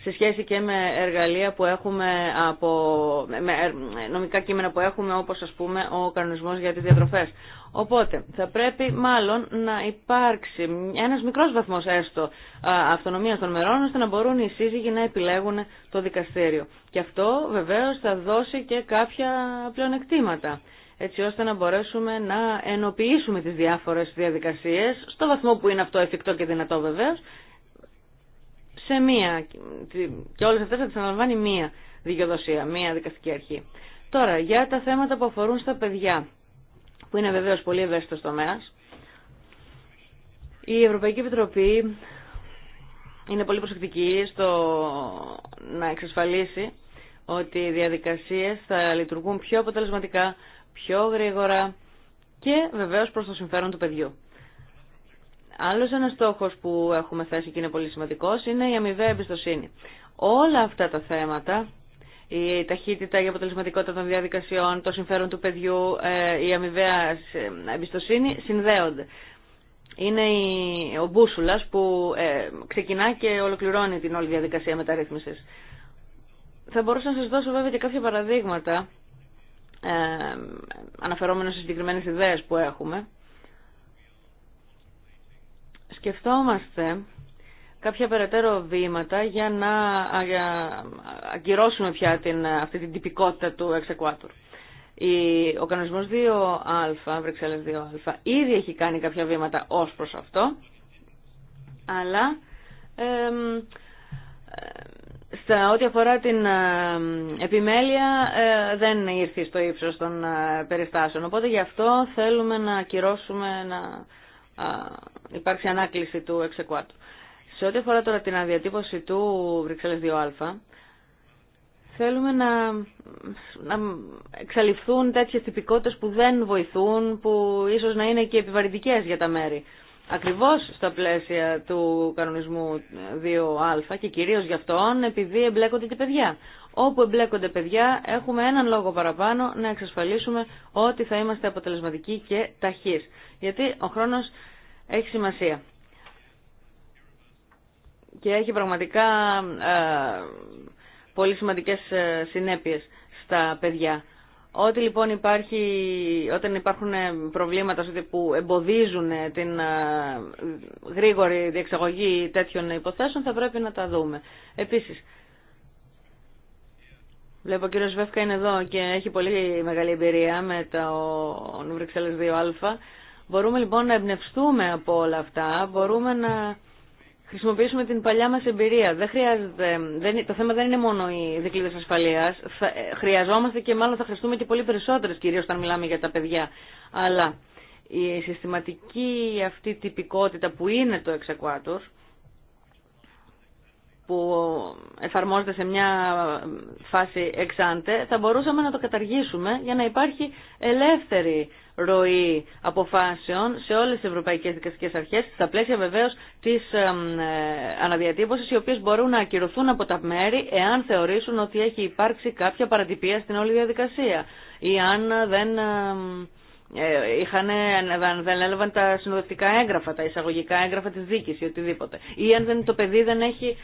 σε σχέση και με εργαλεία που έχουμε από, με ε, νομικά κείμενα που έχουμε όπως ας πούμε ο κανονισμός για τις διατροφές. Οπότε θα πρέπει μάλλον να υπάρξει ένας μικρός βαθμός έστω αυτονομίας των μερών ώστε να μπορούν οι σύζυγοι να επιλέγουν το δικαστήριο. Και αυτό βεβαίως θα δώσει και κάποια πλεονεκτήματα έτσι ώστε να μπορέσουμε να ενοποιήσουμε τις διάφορες διαδικασίες, στο βαθμό που είναι αυτό εφικτό και δυνατό βεβαίως, σε μία. Και όλε αυτέ θα τι αναλαμβάνει μία δικαιοδοσία, μία δικαστική αρχή. Τώρα, για τα θέματα που αφορούν στα παιδιά, που είναι βεβαίω πολύ ευαίσθητο τομέα, η Ευρωπαϊκή Επιτροπή είναι πολύ προσεκτική στο να εξασφαλίσει ότι οι διαδικασίες θα λειτουργούν πιο αποτελεσματικά, πιο γρήγορα και βεβαίως προ το συμφέρον του παιδιού. Άλλος ένας στόχος που έχουμε θέσει και είναι πολύ σημαντικός είναι η αμοιβαία εμπιστοσύνη. Όλα αυτά τα θέματα η ταχύτητα, η αποτελεσματικότητα των διαδικασιών, το συμφέρον του παιδιού, ε, η αμοιβαία ε, εμπιστοσύνη συνδέονται. Είναι ο μπούσουλα που ε, ξεκινά και ολοκληρώνει την όλη διαδικασία μεταρρύθμιση. Θα μπορούσα να σα δώσω βέβαια και κάποια παραδείγματα αναφερόμενο σε συγκεκριμένε ιδέε που έχουμε σκεφτόμαστε κάποια περαιτέρω βήματα για να ακυρώσουμε πια την, αυτή την τυπικότητα του εξεκουάτουρ. Ο κανονισμός 2α, Βρυξέλλες 2α, ήδη έχει κάνει κάποια βήματα ως προς αυτό, αλλά στα ό,τι αφορά την ε, επιμέλεια ε, δεν ήρθε στο ύψος των ε, περιστάσεων. Οπότε γι' αυτό θέλουμε να ακυρώσουμε, να υπάρξει ανάκληση του εξεκουάτου. Σε ό,τι αφορά τώρα την αδιατύπωση του Βρυξέλλες 2α, θέλουμε να, να εξαλειφθούν τέτοιες τυπικότητες που δεν βοηθούν, που ίσως να είναι και επιβαρυντικές για τα μέρη. Ακριβώς στα πλαίσια του κανονισμού 2α και κυρίως γι' αυτόν επειδή εμπλέκονται και παιδιά. Όπου εμπλέκονται παιδιά έχουμε έναν λόγο παραπάνω να εξασφαλίσουμε ότι θα είμαστε αποτελεσματικοί και ταχείς. Γιατί ο χρόνος έχει σημασία. Και έχει πραγματικά ε, πολύ σημαντικές ε, συνέπειες στα παιδιά. Ό,τι λοιπόν υπάρχει, όταν υπάρχουν ε, προβλήματα που εμποδίζουν την γρήγορη διεξαγωγή τέτοιων υποθέσεων θα πρέπει να τα δούμε. Επίσης, βλέπω ο κύριος Βεύκα είναι εδώ και έχει πολύ μεγάλη εμπειρία με το Βρυξέλλες 2α Μπορούμε λοιπόν να εμπνευστούμε από όλα αυτά, μπορούμε να χρησιμοποιήσουμε την παλιά μας εμπειρία. Δεν δεν, το θέμα δεν είναι μόνο οι δικλείδες ασφαλείας, ε, χρειαζόμαστε και μάλλον θα χρειαστούμε και πολύ περισσότερες, κυρίως όταν μιλάμε για τα παιδιά. Αλλά η συστηματική αυτή τυπικότητα που είναι το εξακουάτος, που εφαρμόζεται σε μια φάση εξάντε, θα μπορούσαμε να το καταργήσουμε για να υπάρχει ελεύθερη ροή αποφάσεων σε όλες τις ευρωπαϊκές δικαστικές αρχές, στα πλαίσια βεβαίως της ε, αναδιατύπωσης, οι οποίες μπορούν να ακυρωθούν από τα μέρη εάν θεωρήσουν ότι έχει υπάρξει κάποια παρατυπία στην όλη διαδικασία ή αν δεν ε, είχαν, αν δεν έλαβαν τα συνοδευτικά έγγραφα, τα εισαγωγικά έγγραφα της δίκης ή οτιδήποτε. Ή αν δεν, το παιδί δεν έχει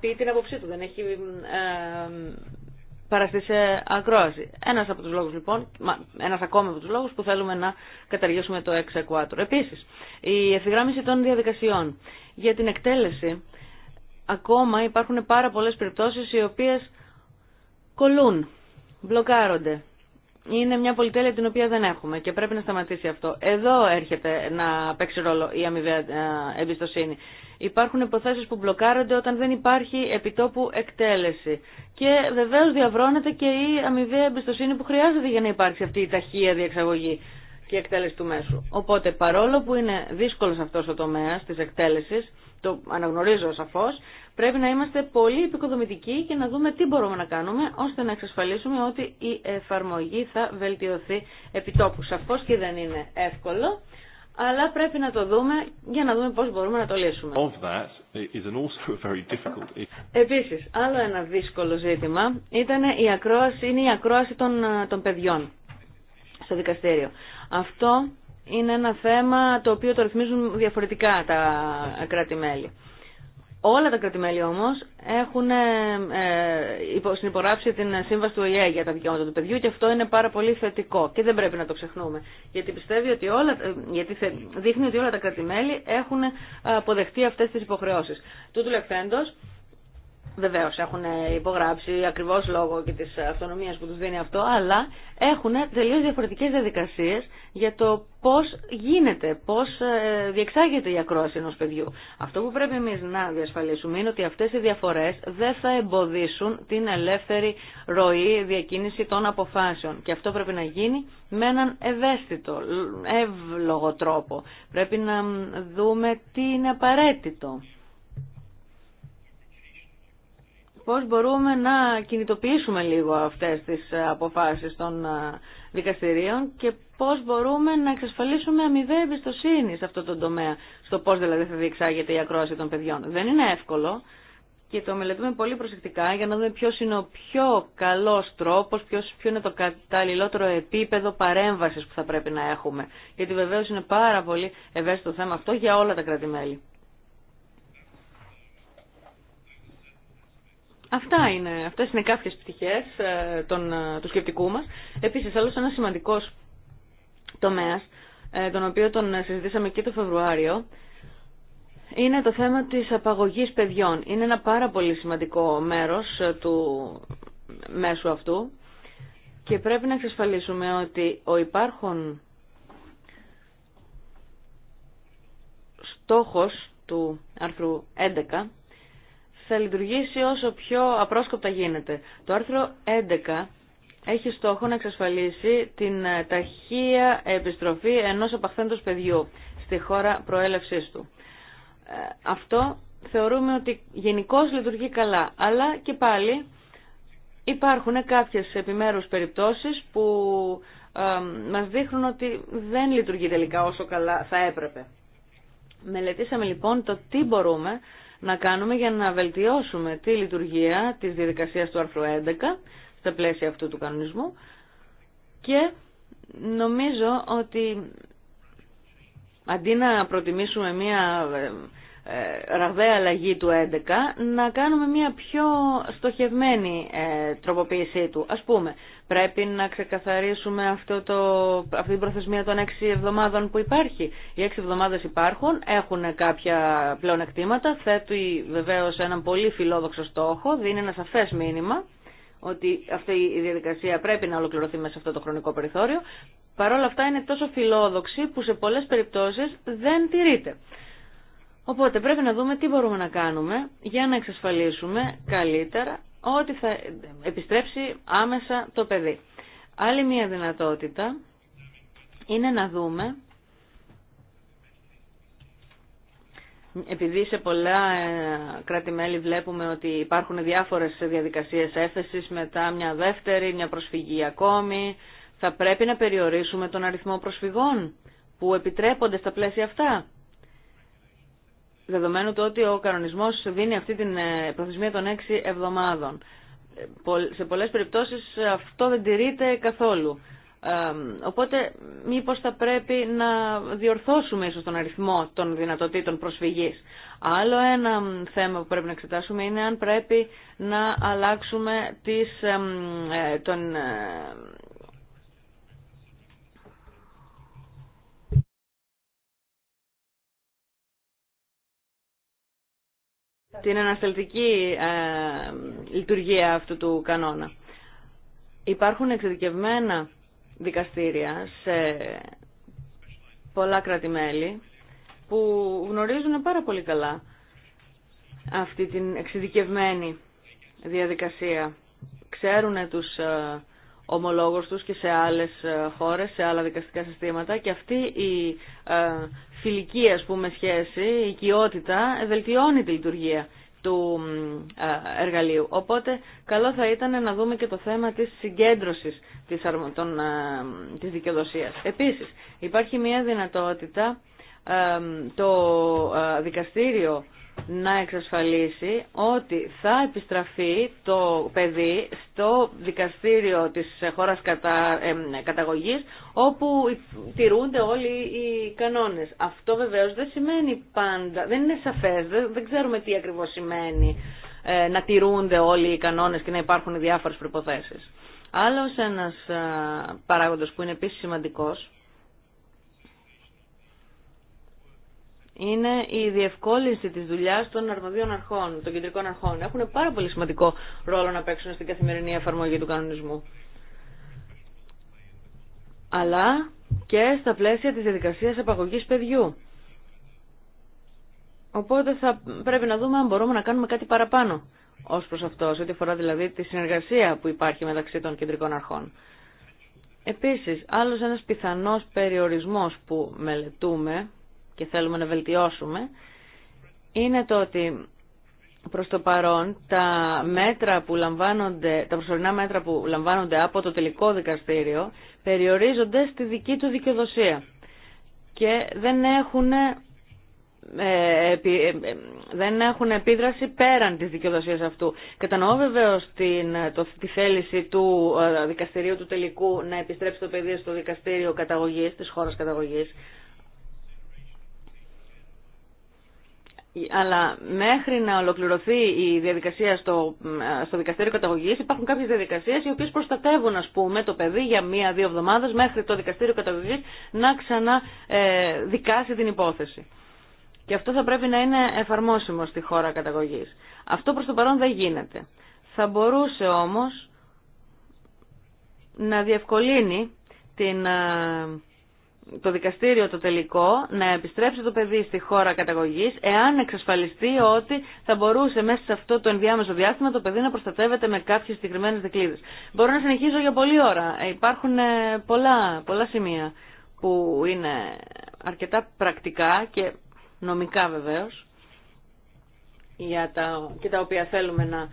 πει την άποψή του, δεν έχει παραστεί σε ακρόαση. Ένας από τους λόγους λοιπόν, ένας ακόμα από τους λόγους που θέλουμε να καταργήσουμε το εξεκουάτρο. Επίση, Επίσης, η ευθυγράμμιση των διαδικασιών. Για την εκτέλεση, ακόμα υπάρχουν πάρα πολλές περιπτώσεις οι οποίες κολλούν, μπλοκάρονται είναι μια πολυτέλεια την οποία δεν έχουμε και πρέπει να σταματήσει αυτό. Εδώ έρχεται να παίξει ρόλο η αμοιβαία ε, εμπιστοσύνη. Υπάρχουν υποθέσεις που μπλοκάρονται όταν δεν υπάρχει επιτόπου εκτέλεση. Και βεβαίως διαβρώνεται και η αμοιβαία εμπιστοσύνη που χρειάζεται για να υπάρξει αυτή η ταχεία διεξαγωγή και εκτέλεση του μέσου. Οπότε παρόλο που είναι δύσκολος αυτός ο τομέας της εκτέλεσης, το αναγνωρίζω σαφώς, Πρέπει να είμαστε πολύ επικοδομητικοί και να δούμε τι μπορούμε να κάνουμε ώστε να εξασφαλίσουμε ότι η εφαρμογή θα βελτιωθεί επιτόπου. Σαφώς και δεν είναι εύκολο, αλλά πρέπει να το δούμε για να δούμε πώς μπορούμε να το λύσουμε. Επίσης, άλλο ένα δύσκολο ζήτημα ήταν η ακρόαση, είναι η ακρόαση των, των παιδιών στο δικαστήριο. Αυτό είναι ένα θέμα το οποίο το ρυθμίζουν διαφορετικά τα κράτη-μέλη. Όλα τα κρατημέλη όμως έχουν ε, ε, συνυπογράψει την σύμβαση του ΟΗΕ για τα δικαιώματα του παιδιού και αυτό είναι πάρα πολύ θετικό και δεν πρέπει να το ξεχνούμε. Γιατί, πιστεύει ότι όλα, ε, γιατί δείχνει ότι όλα τα κρατημέλη έχουν αποδεχτεί αυτές τις υποχρεώσεις. Τούτου λεχθέντος, Βεβαίω έχουν υπογράψει ακριβώ λόγω και τη αυτονομία που του δίνει αυτό, αλλά έχουν τελείω διαφορετικέ διαδικασίε για το πώ γίνεται, πώ ε, διεξάγεται η ακρόαση ενό παιδιού. Αυτό που πρέπει εμεί να διασφαλίσουμε είναι ότι αυτέ οι διαφορέ δεν θα εμποδίσουν την ελεύθερη ροή διακίνηση των αποφάσεων. Και αυτό πρέπει να γίνει με έναν ευαίσθητο, εύλογο τρόπο. Πρέπει να δούμε τι είναι απαραίτητο πώς μπορούμε να κινητοποιήσουμε λίγο αυτές τις ε, αποφάσεις των ε, δικαστηρίων και πώς μπορούμε να εξασφαλίσουμε αμοιβαία εμπιστοσύνη σε αυτό το τομέα, στο πώς δηλαδή θα διεξάγεται η ακρόαση των παιδιών. Δεν είναι εύκολο και το μελετούμε πολύ προσεκτικά για να δούμε ποιος είναι ο πιο καλός τρόπος, ποιος, ποιο είναι το καταλληλότερο επίπεδο παρέμβασης που θα πρέπει να έχουμε. Γιατί βεβαίως είναι πάρα πολύ ευαίσθητο θέμα αυτό για όλα τα κράτη-μέλη. Αυτά είναι, αυτές είναι κάποιες πτυχές ε, ε, του σκεπτικού μας. Επίσης, άλλος ένα σημαντικός τομέας, ε, τον οποίο τον συζητήσαμε και το Φεβρουάριο, είναι το θέμα της απαγωγής παιδιών. Είναι ένα πάρα πολύ σημαντικό μέρος του μέσου αυτού και πρέπει να εξασφαλίσουμε ότι ο υπάρχον στόχος του άρθρου 11 θα λειτουργήσει όσο πιο απρόσκοπτα γίνεται. Το άρθρο 11 έχει στόχο να εξασφαλίσει την ε, ταχεία επιστροφή ενός απαχθέντος παιδιού στη χώρα προέλευσής του. Ε, αυτό θεωρούμε ότι γενικώ λειτουργεί καλά, αλλά και πάλι υπάρχουν κάποιες επιμέρους περιπτώσεις που ε, μας δείχνουν ότι δεν λειτουργεί τελικά όσο καλά θα έπρεπε. Μελετήσαμε λοιπόν το τι μπορούμε να κάνουμε για να βελτιώσουμε τη λειτουργία της διαδικασίας του άρθρου 11 στα πλαίσια αυτού του κανονισμού και νομίζω ότι αντί να προτιμήσουμε μια ε, ε, ραγδαία αλλαγή του 11 να κάνουμε μια πιο στοχευμένη ε, τροποποίησή του. Ας πούμε, πρέπει να ξεκαθαρίσουμε αυτό το, αυτή την προθεσμία των 6 εβδομάδων που υπάρχει. Οι 6 εβδομάδες υπάρχουν, έχουν κάποια πλέον εκτήματα, θέτει βεβαίως έναν πολύ φιλόδοξο στόχο, δίνει ένα σαφές μήνυμα ότι αυτή η διαδικασία πρέπει να ολοκληρωθεί μέσα σε αυτό το χρονικό περιθώριο. Παρ' όλα αυτά είναι τόσο φιλόδοξη που σε πολλές περιπτώσεις δεν τηρείται. Οπότε πρέπει να δούμε τι μπορούμε να κάνουμε για να εξασφαλίσουμε καλύτερα ότι θα επιστρέψει άμεσα το παιδί. Άλλη μία δυνατότητα είναι να δούμε, επειδή σε πολλά ε, κράτη-μέλη βλέπουμε ότι υπάρχουν διάφορες διαδικασίες έφεσης, μετά μια δεύτερη, μια προσφυγή ακόμη, θα πρέπει να περιορίσουμε τον αριθμό προσφυγών που επιτρέπονται στα πλαίσια αυτά δεδομένου το ότι ο κανονισμός δίνει αυτή την ε, προθεσμία των 6 εβδομάδων. Ε, σε πολλές περιπτώσεις ε, αυτό δεν τηρείται καθόλου. Οπότε μήπως θα πρέπει να διορθώσουμε ίσως τον αριθμό των δυνατοτήτων προσφυγής. Άλλο ένα θέμα που πρέπει να εξετάσουμε είναι αν πρέπει να αλλάξουμε τις, τον, την ανασταλτική ε, λειτουργία αυτού του κανόνα. Υπάρχουν εξειδικευμένα δικαστήρια σε πολλά κράτη-μέλη που γνωρίζουν πάρα πολύ καλά αυτή την εξειδικευμένη διαδικασία. Ξέρουν τους ε, ομολόγους τους και σε άλλες ε, χώρες, σε άλλα δικαστικά συστήματα και αυτή η φιλική ας πούμε σχέση, η οικειότητα βελτιώνει τη λειτουργία του εργαλείου. Οπότε καλό θα ήταν να δούμε και το θέμα της συγκέντρωσης της, αρμο... της δικαιοδοσίας. Επίσης υπάρχει μια δυνατότητα το δικαστήριο να εξασφαλίσει ότι θα επιστραφεί το παιδί στο δικαστήριο της χώρας κατα, καταγωγής όπου τηρούνται όλοι οι κανόνες. Αυτό βεβαίως δεν σημαίνει πάντα, δεν είναι σαφές, δεν, ξέρουμε τι ακριβώς σημαίνει ε, να τηρούνται όλοι οι κανόνες και να υπάρχουν διάφορες προϋποθέσεις. Άλλος ένας ε, παράγοντος που είναι επίσης σημαντικός είναι η διευκόλυνση της δουλειάς των αρμοδίων αρχών, των κεντρικών αρχών. Έχουν πάρα πολύ σημαντικό ρόλο να παίξουν στην καθημερινή εφαρμογή του κανονισμού. Αλλά και στα πλαίσια της διαδικασίας επαγωγής παιδιού. Οπότε θα πρέπει να δούμε αν μπορούμε να κάνουμε κάτι παραπάνω ως προς αυτό, σε ό,τι αφορά δηλαδή τη συνεργασία που υπάρχει μεταξύ των κεντρικών αρχών. Επίσης, άλλος ένας πιθανός περιορισμός που μελετούμε και θέλουμε να βελτιώσουμε είναι το ότι προς το παρόν τα, μέτρα που λαμβάνονται, τα προσωρινά μέτρα που λαμβάνονται από το τελικό δικαστήριο περιορίζονται στη δική του δικαιοδοσία και δεν έχουν, ε, ε, ε, δεν έχουν επίδραση πέραν της δικαιοδοσίας αυτού. Κατανοώ βεβαίω τη θέληση του δικαστηρίου του τελικού να επιστρέψει το παιδί στο δικαστήριο καταγωγής, της χώρας καταγωγής, αλλά μέχρι να ολοκληρωθεί η διαδικασία στο, στο δικαστήριο καταγωγή, υπάρχουν κάποιε διαδικασίε οι οποίε προστατεύουν, α πούμε, το παιδί για μία-δύο εβδομάδε μέχρι το δικαστήριο καταγωγή να ξαναδικάσει ε, την υπόθεση. Και αυτό θα πρέπει να είναι εφαρμόσιμο στη χώρα καταγωγή. Αυτό προ το παρόν δεν γίνεται. Θα μπορούσε όμω να διευκολύνει την. Ε, το δικαστήριο το τελικό να επιστρέψει το παιδί στη χώρα καταγωγής εάν εξασφαλιστεί ότι θα μπορούσε μέσα σε αυτό το ενδιάμεσο διάστημα το παιδί να προστατεύεται με κάποιες συγκεκριμένε δικλείδες. Μπορώ να συνεχίζω για πολλή ώρα. Ε, υπάρχουν ε, πολλά, πολλά σημεία που είναι αρκετά πρακτικά και νομικά βεβαίως για τα, και τα οποία θέλουμε να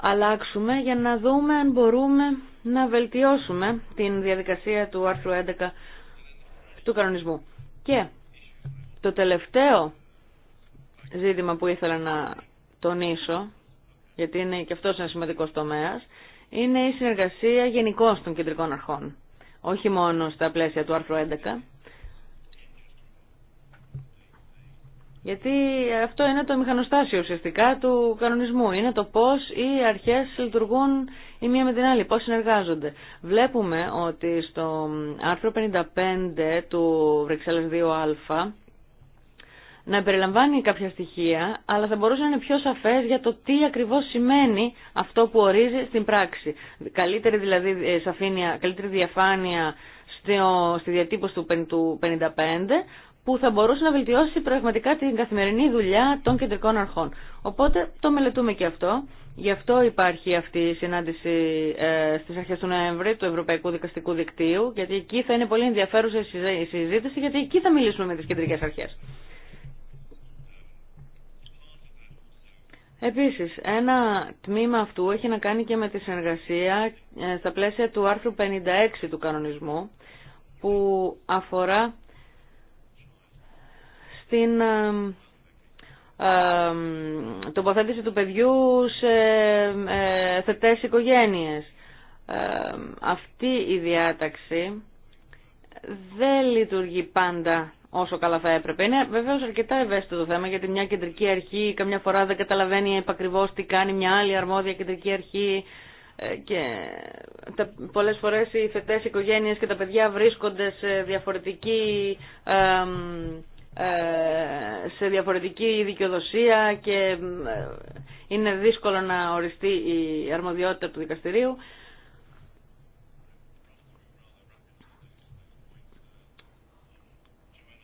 αλλάξουμε για να δούμε αν μπορούμε να βελτιώσουμε την διαδικασία του άρθρου 11 του κανονισμού. Και το τελευταίο ζήτημα που ήθελα να τονίσω, γιατί είναι και αυτός ένα σημαντικός τομέας, είναι η συνεργασία γενικών των κεντρικών αρχών. Όχι μόνο στα πλαίσια του άρθρου 11, γιατί αυτό είναι το μηχανοστάσιο ουσιαστικά του κανονισμού. Είναι το πώς οι αρχές λειτουργούν η μία με την άλλη, πώς συνεργάζονται. Βλέπουμε ότι στο άρθρο 55 του Βρυξέλλες 2α να περιλαμβάνει κάποια στοιχεία, αλλά θα μπορούσε να είναι πιο σαφές για το τι ακριβώς σημαίνει αυτό που ορίζει στην πράξη. Καλύτερη δηλαδή ε, σαφήνεια, καλύτερη διαφάνεια στη διατύπωση του 55, που θα μπορούσε να βελτιώσει πραγματικά την καθημερινή δουλειά των κεντρικών αρχών. Οπότε το μελετούμε και αυτό. Γι' αυτό υπάρχει αυτή η συνάντηση ε, στις αρχές του Νοέμβρη του Ευρωπαϊκού Δικαστικού Δικτύου, γιατί εκεί θα είναι πολύ ενδιαφέρουσα η συζήτηση, γιατί εκεί θα μιλήσουμε με τις κεντρικές αρχές. Επίσης, ένα τμήμα αυτού έχει να κάνει και με τη συνεργασία ε, στα πλαίσια του άρθρου 56 του κανονισμού, που αφορά στην ε, τοποθέτηση του παιδιού σε ε, θετές οικογένειες. Αυτή η διάταξη δεν λειτουργεί πάντα όσο καλά θα έπρεπε. Είναι βεβαίω αρκετά ευαίσθητο το θέμα γιατί μια κεντρική αρχή καμιά φορά δεν καταλαβαίνει επακριβώ τι κάνει μια άλλη αρμόδια κεντρική αρχή ε, και τα, πολλές φορές οι θετές οικογένειες και τα παιδιά βρίσκονται σε διαφορετική ε, σε διαφορετική δικαιοδοσία και ε, είναι δύσκολο να οριστεί η αρμοδιότητα του δικαστηρίου.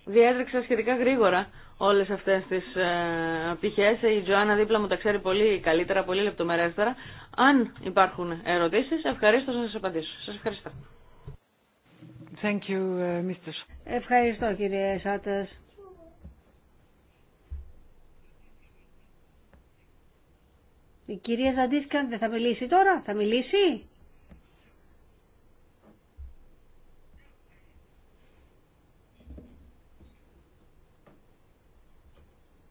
Διέτρεξα σχετικά γρήγορα όλες αυτές τις ε, πτυχές. Η Τζοάννα δίπλα μου τα ξέρει πολύ καλύτερα, πολύ λεπτομερέστερα. Αν υπάρχουν ερωτήσεις, ευχαρίστω να σας απαντήσω. Σας ευχαριστώ. Thank you, Mr. Ευχαριστώ κύριε Σάτας. Η κυρία Ζαντίσκαν δεν θα μιλήσει τώρα, θα μιλήσει.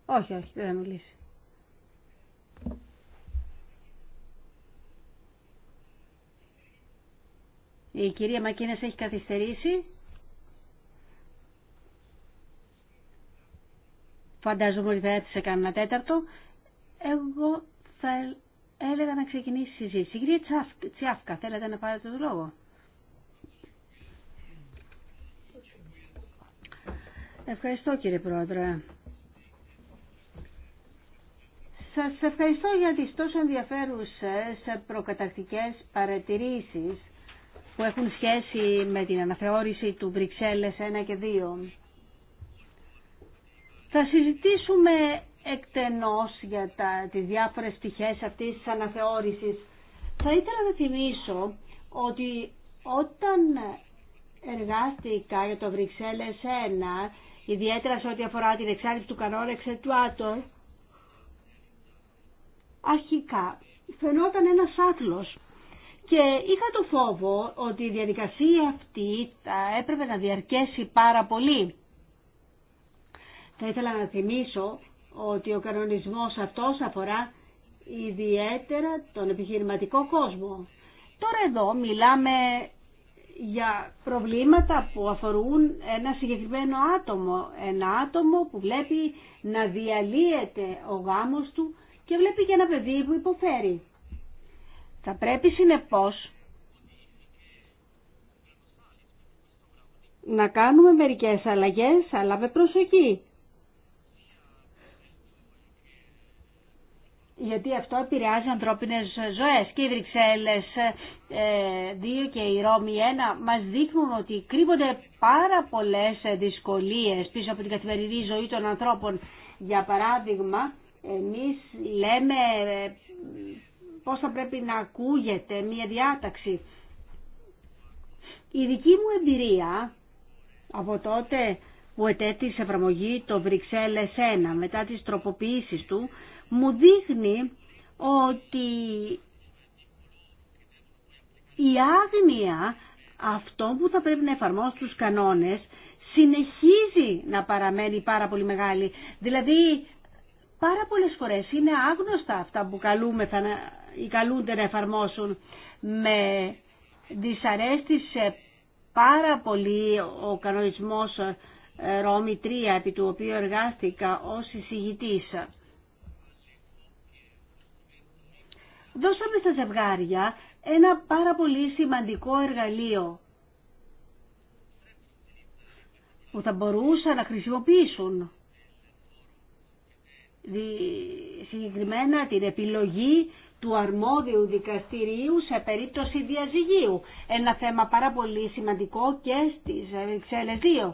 Όχι, όχι, δεν θα μιλήσει. Η κυρία Μακίνας έχει καθυστερήσει. Φαντάζομαι ότι θα έρθει σε κανένα τέταρτο. Εγώ θα ε, έλεγα να ξεκινήσει η συζήτηση. Κύριε Τσιάφκα, θέλετε να πάρετε το λόγο. Ευχαριστώ κύριε Πρόεδρε. Σας ευχαριστώ για τις τόσο ενδιαφέρουσες προκατακτικές παρατηρήσεις που έχουν σχέση με την αναθεώρηση του Βρυξέλλες 1 και 2. Θα συζητήσουμε εκτενώς για τα, τις διάφορες πτυχές αυτής της αναθεώρησης. Θα ήθελα να θυμίσω ότι όταν εργάστηκα για το Βρυξέλλες 1, ιδιαίτερα σε ό,τι αφορά την εξάρτηση του κανόνα εξετουάτων, αρχικά φαινόταν ένα άθλος. Και είχα το φόβο ότι η διαδικασία αυτή θα έπρεπε να διαρκέσει πάρα πολύ. Θα ήθελα να θυμίσω ότι ο κανονισμός αυτός αφορά ιδιαίτερα τον επιχειρηματικό κόσμο. Τώρα εδώ μιλάμε για προβλήματα που αφορούν ένα συγκεκριμένο άτομο. Ένα άτομο που βλέπει να διαλύεται ο γάμος του και βλέπει και ένα παιδί που υποφέρει. Θα πρέπει συνεπώς να κάνουμε μερικές αλλαγές, αλλά με προσοχή. γιατί αυτό επηρεάζει ανθρώπινες ζωές. Και οι Βρυξέλλες 2 ε, και η Ρώμη 1 μας δείχνουν ότι κρύβονται πάρα πολλές δυσκολίες πίσω από την καθημερινή ζωή των ανθρώπων. Για παράδειγμα, εμείς λέμε ε, πώς θα πρέπει να ακούγεται μια διάταξη. Η δική μου εμπειρία από τότε που ετέθη σε το Βρυξέλλες 1 μετά τις τροποποιήσεις του μου δείχνει ότι η άγνοια αυτό που θα πρέπει να εφαρμόσουν τους κανόνες συνεχίζει να παραμένει πάρα πολύ μεγάλη. Δηλαδή πάρα πολλές φορές είναι άγνωστα αυτά που καλούμε, θα, ή καλούνται να εφαρμόσουν με δυσαρέστησε πάρα πολύ ο κανονισμός ε, Ρώμη 3 επί του οποίου εργάστηκα ως εισηγητής. δώσαμε στα ζευγάρια ένα πάρα πολύ σημαντικό εργαλείο που θα μπορούσαν να χρησιμοποιήσουν συγκεκριμένα την επιλογή του αρμόδιου δικαστηρίου σε περίπτωση διαζυγίου. Ένα θέμα πάρα πολύ σημαντικό και στις Εξέλες 2.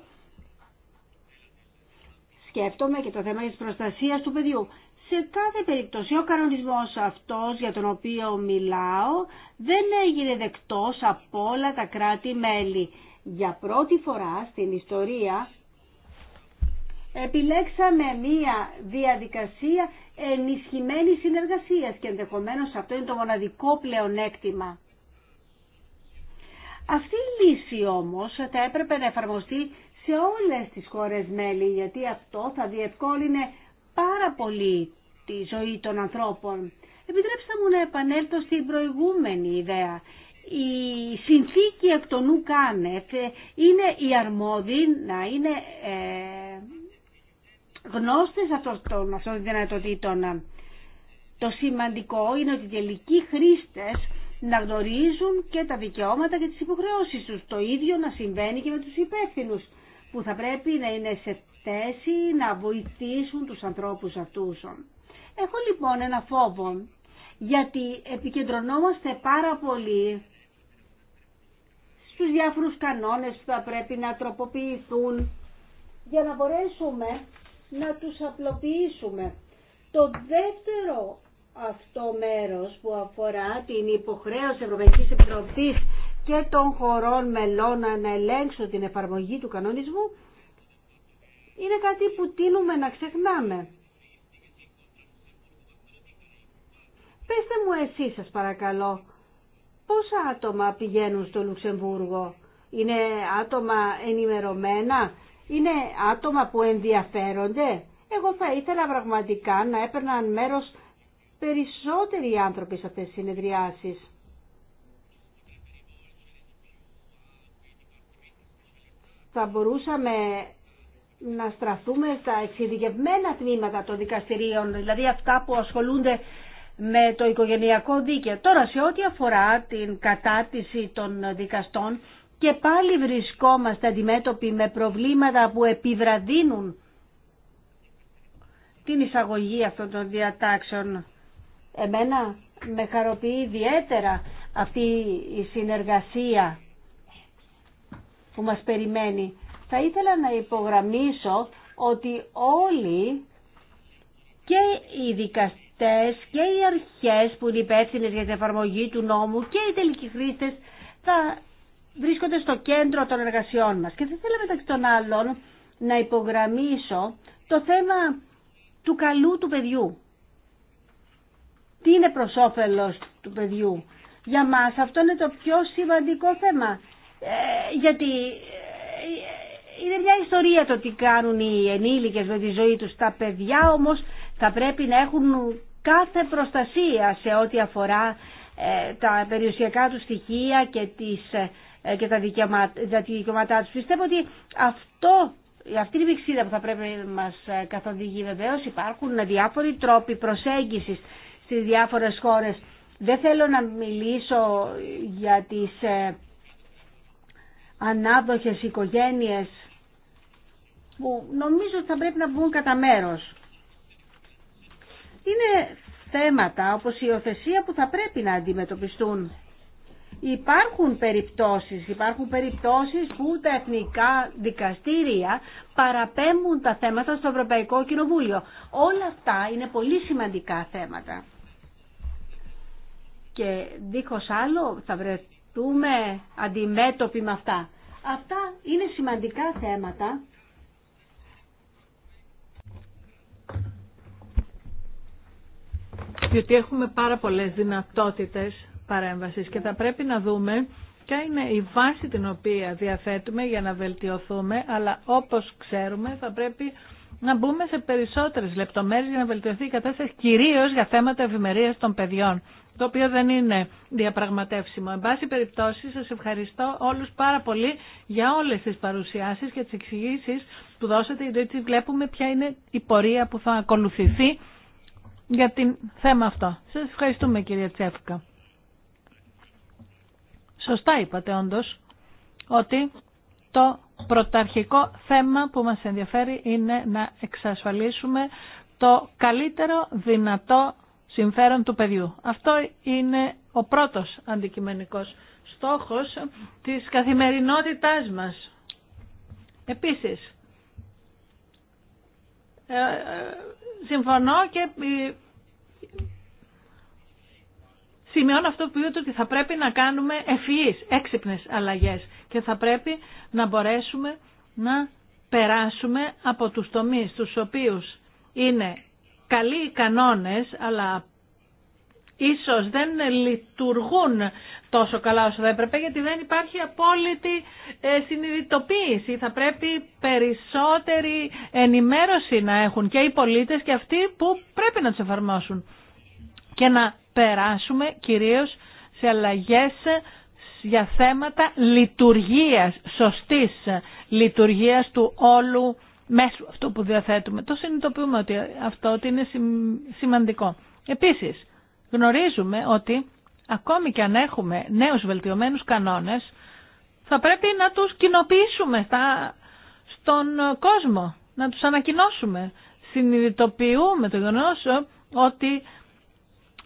Σκέφτομαι και το θέμα της προστασίας του παιδιού σε κάθε περίπτωση ο κανονισμός αυτός για τον οποίο μιλάω δεν έγινε δεκτός από όλα τα κράτη-μέλη. Για πρώτη φορά στην ιστορία επιλέξαμε μία διαδικασία ενισχυμένης συνεργασίας και ενδεχομένως αυτό είναι το μοναδικό πλεονέκτημα. Αυτή η λύση όμως θα έπρεπε να εφαρμοστεί σε όλες τις χώρες μέλη γιατί αυτό θα διευκόλυνε πάρα πολύ τη ζωή των ανθρώπων. Επιτρέψτε μου να επανέλθω στην προηγούμενη ιδέα. Η συνθήκη εκ των νου είναι η αρμόδι να είναι ε, γνώστες αυτών των, δυνατοτήτων. Το σημαντικό είναι ότι οι τελικοί χρήστες να γνωρίζουν και τα δικαιώματα και τις υποχρεώσεις τους. Το ίδιο να συμβαίνει και με τους υπεύθυνου που θα πρέπει να είναι σε θέση να βοηθήσουν τους ανθρώπους αυτούς. Έχω λοιπόν ένα φόβο γιατί επικεντρωνόμαστε πάρα πολύ στους διάφορους κανόνες που θα πρέπει να τροποποιηθούν για να μπορέσουμε να τους απλοποιήσουμε. Το δεύτερο αυτό μέρος που αφορά την υποχρέωση Ευρωπαϊκής Επιτροπής και των χωρών μελών να ελέγξουν την εφαρμογή του κανονισμού είναι κάτι που τίνουμε να ξεχνάμε. εσείς σας παρακαλώ, πόσα άτομα πηγαίνουν στο Λουξεμβούργο. Είναι άτομα ενημερωμένα, είναι άτομα που ενδιαφέρονται. Εγώ θα ήθελα πραγματικά να έπαιρναν μέρος περισσότεροι άνθρωποι σε αυτές τις συνεδριάσεις. Θα μπορούσαμε να στραφούμε στα εξειδικευμένα τμήματα των δικαστηρίων, δηλαδή αυτά που ασχολούνται με το οικογενειακό δίκαιο. Τώρα σε ό,τι αφορά την κατάρτιση των δικαστών και πάλι βρισκόμαστε αντιμέτωποι με προβλήματα που επιβραδύνουν την εισαγωγή αυτών των διατάξεων. Εμένα με χαροποιεί ιδιαίτερα αυτή η συνεργασία που μας περιμένει. Θα ήθελα να υπογραμμίσω ότι όλοι και οι δικαστές και οι αρχές που είναι υπεύθυνε για την εφαρμογή του νόμου και οι τελικοί χρήστες θα βρίσκονται στο κέντρο των εργασιών μας. Και θα ήθελα μεταξύ των άλλων να υπογραμμίσω το θέμα του καλού του παιδιού. Τι είναι προς όφελος του παιδιού. Για μας αυτό είναι το πιο σημαντικό θέμα. Ε, γιατί ε, ε, είναι μια ιστορία το τι κάνουν οι ενήλικες με τη ζωή τους. Τα παιδιά όμως θα πρέπει να έχουν κάθε προστασία σε ό,τι αφορά ε, τα περιουσιακά του στοιχεία και, τις, ε, και τα, δικαιώματά τους. Πιστεύω ότι αυτό, αυτή είναι η πηξίδα που θα πρέπει να μας ε, καθοδηγεί βεβαίως. Υπάρχουν διάφοροι τρόποι προσέγγισης στις διάφορες χώρες. Δεν θέλω να μιλήσω για τις ε, ανάδοχες οικογένειες που νομίζω θα πρέπει να βγουν κατά μέρος. Είναι θέματα όπως η οθεσία που θα πρέπει να αντιμετωπιστούν. Υπάρχουν περιπτώσεις, υπάρχουν περιπτώσεις που τα εθνικά δικαστήρια παραπέμπουν τα θέματα στο Ευρωπαϊκό Κοινοβούλιο. Όλα αυτά είναι πολύ σημαντικά θέματα. Και δίχως άλλο θα βρεθούμε αντιμέτωποι με αυτά. Αυτά είναι σημαντικά θέματα διότι έχουμε πάρα πολλές δυνατότητες παρέμβασης και θα πρέπει να δούμε ποια είναι η βάση την οποία διαθέτουμε για να βελτιωθούμε, αλλά όπως ξέρουμε θα πρέπει να μπούμε σε περισσότερες λεπτομέρειες για να βελτιωθεί η κατάσταση κυρίως για θέματα ευημερία των παιδιών, το οποίο δεν είναι διαπραγματεύσιμο. Εν πάση περιπτώσει σας ευχαριστώ όλους πάρα πολύ για όλες τις παρουσιάσεις και τις εξηγήσει που δώσατε, γιατί βλέπουμε ποια είναι η πορεία που θα ακολουθηθεί για την θέμα αυτό. Σας ευχαριστούμε κυρία Τσέφκα. Σωστά είπατε όντως ότι το πρωταρχικό θέμα που μας ενδιαφέρει είναι να εξασφαλίσουμε το καλύτερο δυνατό συμφέρον του παιδιού. Αυτό είναι ο πρώτος αντικειμενικός στόχος της καθημερινότητάς μας. Επίσης, ε, ε, συμφωνώ και σημειώνω αυτό που είπατε ότι θα πρέπει να κάνουμε ευφυείς, έξυπνες αλλαγές και θα πρέπει να μπορέσουμε να περάσουμε από τους τομείς τους οποίους είναι καλοί κανόνες αλλά ίσως δεν λειτουργούν τόσο καλά όσο θα έπρεπε γιατί δεν υπάρχει απόλυτη ε, συνειδητοποίηση. Θα πρέπει περισσότερη ενημέρωση να έχουν και οι πολίτες και αυτοί που πρέπει να τους εφαρμόσουν και να περάσουμε κυρίως σε αλλαγές για θέματα λειτουργίας, σωστής λειτουργίας του όλου μέσου αυτό που διαθέτουμε. Το συνειδητοποιούμε ότι αυτό είναι σημαντικό. Επίσης, γνωρίζουμε ότι ακόμη και αν έχουμε νέους βελτιωμένους κανόνες, θα πρέπει να τους κοινοποιήσουμε στα, στον κόσμο, να τους ανακοινώσουμε. Συνειδητοποιούμε το γεγονό ε, ότι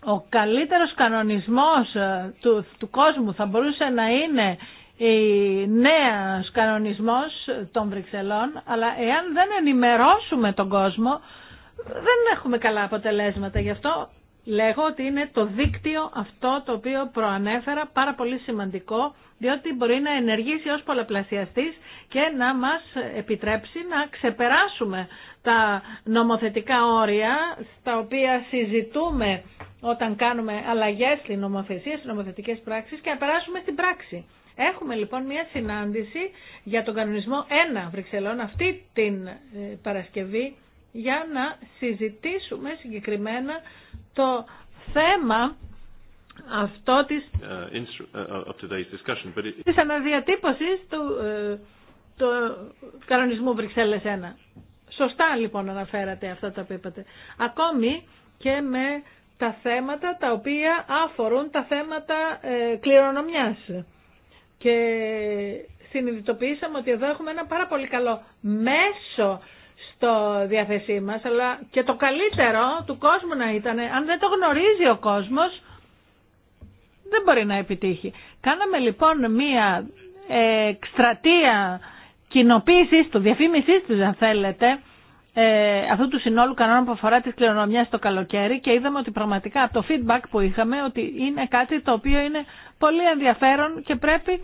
ο καλύτερος κανονισμός ε, του, του κόσμου θα μπορούσε να είναι η νέας κανονισμός των Βρυξελών, αλλά εάν δεν ενημερώσουμε τον κόσμο, δεν έχουμε καλά αποτελέσματα. Γι' αυτό λέγω ότι είναι το δίκτυο αυτό το οποίο προανέφερα πάρα πολύ σημαντικό διότι μπορεί να ενεργήσει ως πολλαπλασιαστής και να μας επιτρέψει να ξεπεράσουμε τα νομοθετικά όρια στα οποία συζητούμε όταν κάνουμε αλλαγές στην νομοθεσία, στις νομοθετικές πράξεις και να περάσουμε στην πράξη. Έχουμε λοιπόν μια συνάντηση για τον κανονισμό 1 Βρυξελών αυτή την ε, Παρασκευή για να συζητήσουμε συγκεκριμένα το θέμα αυτό της, uh, uh, της αναδιατύπωσης του, ε, του κανονισμού Βρυξέλλες 1. Σωστά λοιπόν αναφέρατε αυτά τα που είπατε. Ακόμη και με τα θέματα τα οποία αφορούν τα θέματα ε, κληρονομιάς. Και συνειδητοποιήσαμε ότι εδώ έχουμε ένα πάρα πολύ καλό μέσο στο διαθεσί μας, αλλά και το καλύτερο του κόσμου να ήταν, αν δεν το γνωρίζει ο κόσμος, δεν μπορεί να επιτύχει. Κάναμε λοιπόν μία εκστρατεία κοινοποίησης του, διαφήμισής του αν θέλετε, ε, αυτού του συνόλου κανόνων που αφορά τη κληρονομιά στο καλοκαίρι και είδαμε ότι πραγματικά από το feedback που είχαμε ότι είναι κάτι το οποίο είναι πολύ ενδιαφέρον και πρέπει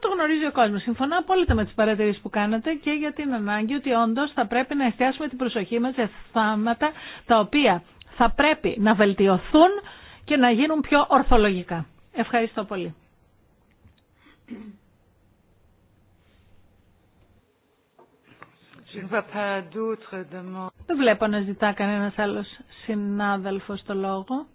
το γνωρίζει ο κόσμο. Συμφωνώ απόλυτα με τι παρατηρήσει που κάνατε και για την ανάγκη ότι όντω θα πρέπει να εστιάσουμε την προσοχή μα σε θέματα τα οποία θα πρέπει να βελτιωθούν και να γίνουν πιο ορθολογικά. Ευχαριστώ πολύ. Δεν βλέπω να ζητά κανένας άλλος συνάδελφος το λόγο.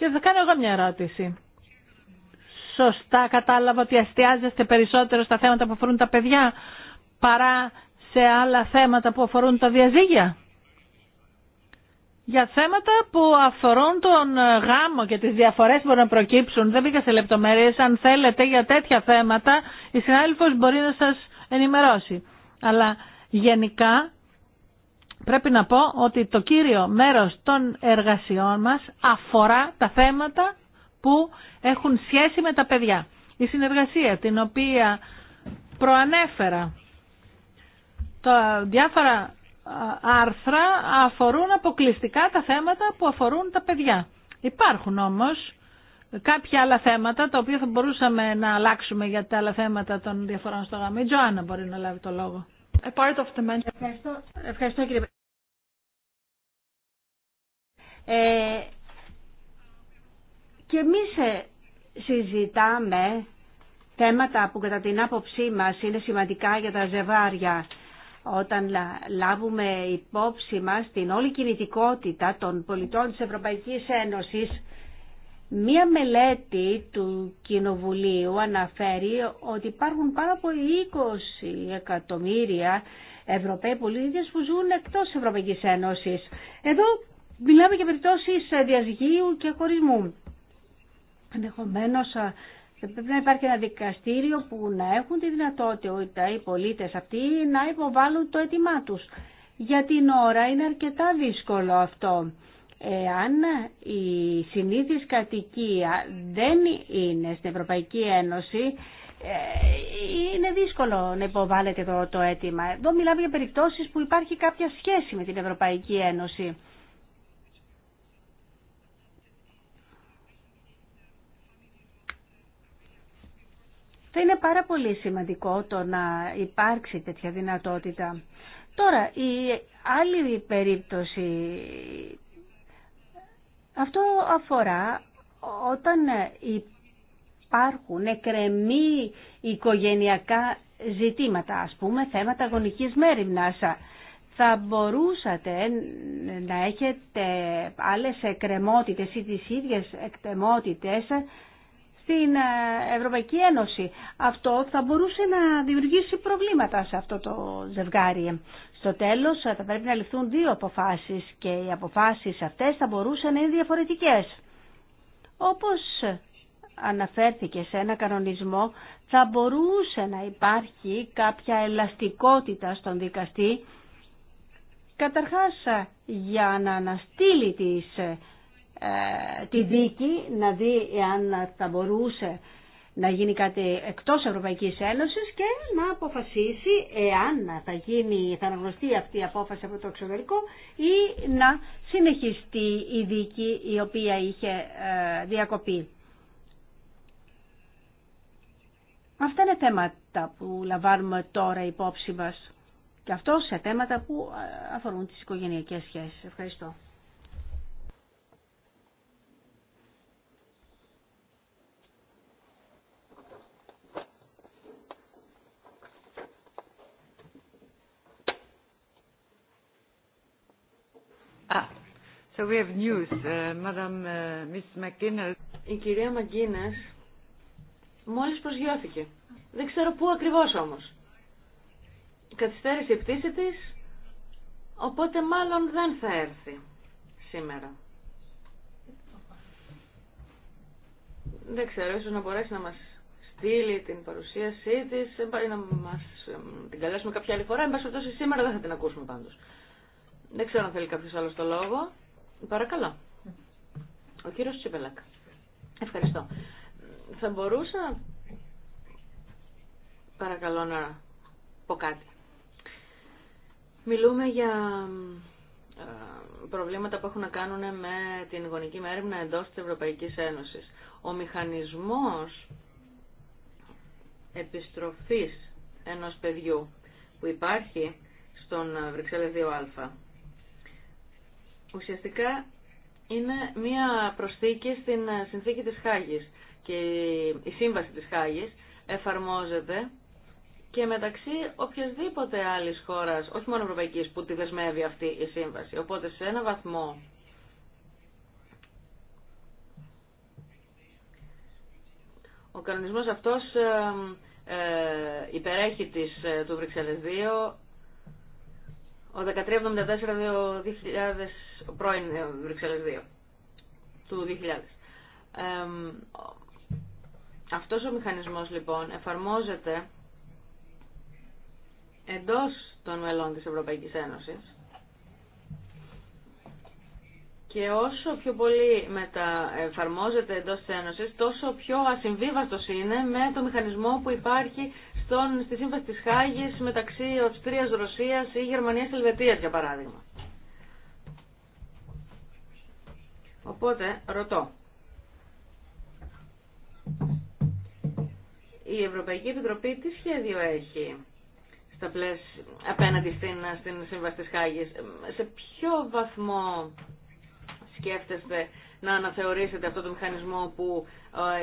Και θα κάνω εγώ μια ερώτηση. Σωστά κατάλαβα ότι αστιάζεστε περισσότερο στα θέματα που αφορούν τα παιδιά παρά σε άλλα θέματα που αφορούν τα διαζύγια. Για θέματα που αφορούν τον γάμο και τις διαφορές που μπορούν να προκύψουν, δεν μπήκα σε λεπτομέρειες, αν θέλετε για τέτοια θέματα η συνάδελφος μπορεί να σας ενημερώσει. Αλλά γενικά Πρέπει να πω ότι το κύριο μέρος των εργασιών μας αφορά τα θέματα που έχουν σχέση με τα παιδιά. Η συνεργασία την οποία προανέφερα τα διάφορα άρθρα αφορούν αποκλειστικά τα θέματα που αφορούν τα παιδιά. Υπάρχουν όμως κάποια άλλα θέματα τα οποία θα μπορούσαμε να αλλάξουμε για τα άλλα θέματα των διαφορών στο γάμο. Η μπορεί να λάβει το λόγο. Ευχαριστώ. κύριε Πρόεδρε. Ε, και εμεί ε, συζητάμε θέματα που κατά την άποψή μα είναι σημαντικά για τα ζευγάρια όταν λάβουμε υπόψη μας την όλη κινητικότητα των πολιτών της Ευρωπαϊκής Ένωσης Μία μελέτη του Κοινοβουλίου αναφέρει ότι υπάρχουν πάνω από 20 εκατομμύρια Ευρωπαίοι πολίτες που ζουν εκτός Ευρωπαϊκής Ένωσης. Εδώ μιλάμε για περιπτώσεις διαζυγίου και χωρισμού. Ενδεχομένω πρέπει να υπάρχει ένα δικαστήριο που να έχουν τη δυνατότητα οι πολίτες αυτοί να υποβάλουν το αίτημά τους. Για την ώρα είναι αρκετά δύσκολο αυτό. Εάν η συνήθις κατοικία δεν είναι στην Ευρωπαϊκή Ένωση, ε, είναι δύσκολο να υποβάλλεται το, το αίτημα. Εδώ μιλάμε για περιπτώσεις που υπάρχει κάποια σχέση με την Ευρωπαϊκή Ένωση. Θα είναι πάρα πολύ σημαντικό το να υπάρξει τέτοια δυνατότητα. Τώρα, η άλλη περίπτωση αυτό αφορά όταν υπάρχουν εκρεμή οικογενειακά ζητήματα, ας πούμε θέματα γονικής μέρημνας. Θα μπορούσατε να έχετε άλλες εκκρεμότητες ή τις ίδιες εκτεμότητες στην ε, Ευρωπαϊκή Ένωση. Αυτό θα μπορούσε να δημιουργήσει προβλήματα σε αυτό το ζευγάρι. Στο τέλος θα πρέπει να ληφθούν δύο αποφάσεις και οι αποφάσεις αυτές θα μπορούσαν να είναι διαφορετικέ. Όπως αναφέρθηκε σε ένα κανονισμό θα μπορούσε να υπάρχει κάποια ελαστικότητα στον δικαστή καταρχάς για να αναστείλει ε, τη δίκη να δει εάν θα μπορούσε να γίνει κάτι εκτός Ευρωπαϊκής Ένωσης και να αποφασίσει εάν θα, γίνει, θα αναγνωστεί αυτή η απόφαση από το εξωτερικό ή να συνεχιστεί η δίκη η οποία είχε ε, διακοπεί. Αυτά είναι θέματα που λαμβάνουμε τώρα υπόψη μας και αυτό σε θέματα που ε, αφορούν τις οικογενειακές σχέσεις. Ευχαριστώ. Ah. Uh, uh, η κυρία Μαγκίνες μόλις προσγειώθηκε. Δεν ξέρω πού ακριβώς όμως. Καθυστέρησε η πτήση της, οπότε μάλλον δεν θα έρθει σήμερα. Δεν ξέρω, ίσως να μπορέσει να μας στείλει την παρουσίασή της, να μας ε, την καλέσουμε κάποια άλλη φορά. Εν πάση σήμερα δεν θα την ακούσουμε πάντως. Δεν ξέρω αν θέλει κάποιος άλλος το λόγο. Παρακαλώ. Ο κύριος Τσίπελακ. Ευχαριστώ. Θα μπορούσα, παρακαλώ να πω κάτι. Μιλούμε για ε, προβλήματα που έχουν να κάνουν με την γονική μέρημνα εντός της Ευρωπαϊκής Ένωσης. Ο μηχανισμός επιστροφής ενός παιδιού που υπάρχει στον Βρυξέλλες 2α ουσιαστικά είναι μία προσθήκη στην ε, συνθήκη της Χάγης και η σύμβαση της Χάγης εφαρμόζεται και μεταξύ οποιασδήποτε άλλης χώρας, όχι μόνο ευρωπαϊκής, που τη δεσμεύει αυτή η σύμβαση. Οπότε σε ένα βαθμό ο κανονισμός αυτός ε, ε υπερέχει της, ε, του Βρυξέλλες 2, ο 1374 2000 πρώην ε, Βρυξέλλες 2 του 2000. Ε, αυτός ο μηχανισμός λοιπόν εφαρμόζεται εντός των μελών της Ευρωπαϊκής Ένωσης και όσο πιο πολύ εφαρμόζεται εντός της Ένωσης τόσο πιο ασυμβίβαστος είναι με το μηχανισμό που υπάρχει στον, στη Σύμβαση της Χάγης μεταξύ Αυστρίας, Ρωσίας ή Γερμανίας, Ελβετίας για παράδειγμα. Οπότε ρωτώ. Η Ευρωπαϊκή Επιτροπή τι σχέδιο έχει στα πλαίσια, απέναντι στην, στην Σύμβαση της Χάγης. Σε ποιο βαθμό σκέφτεστε να αναθεωρήσετε αυτό το μηχανισμό που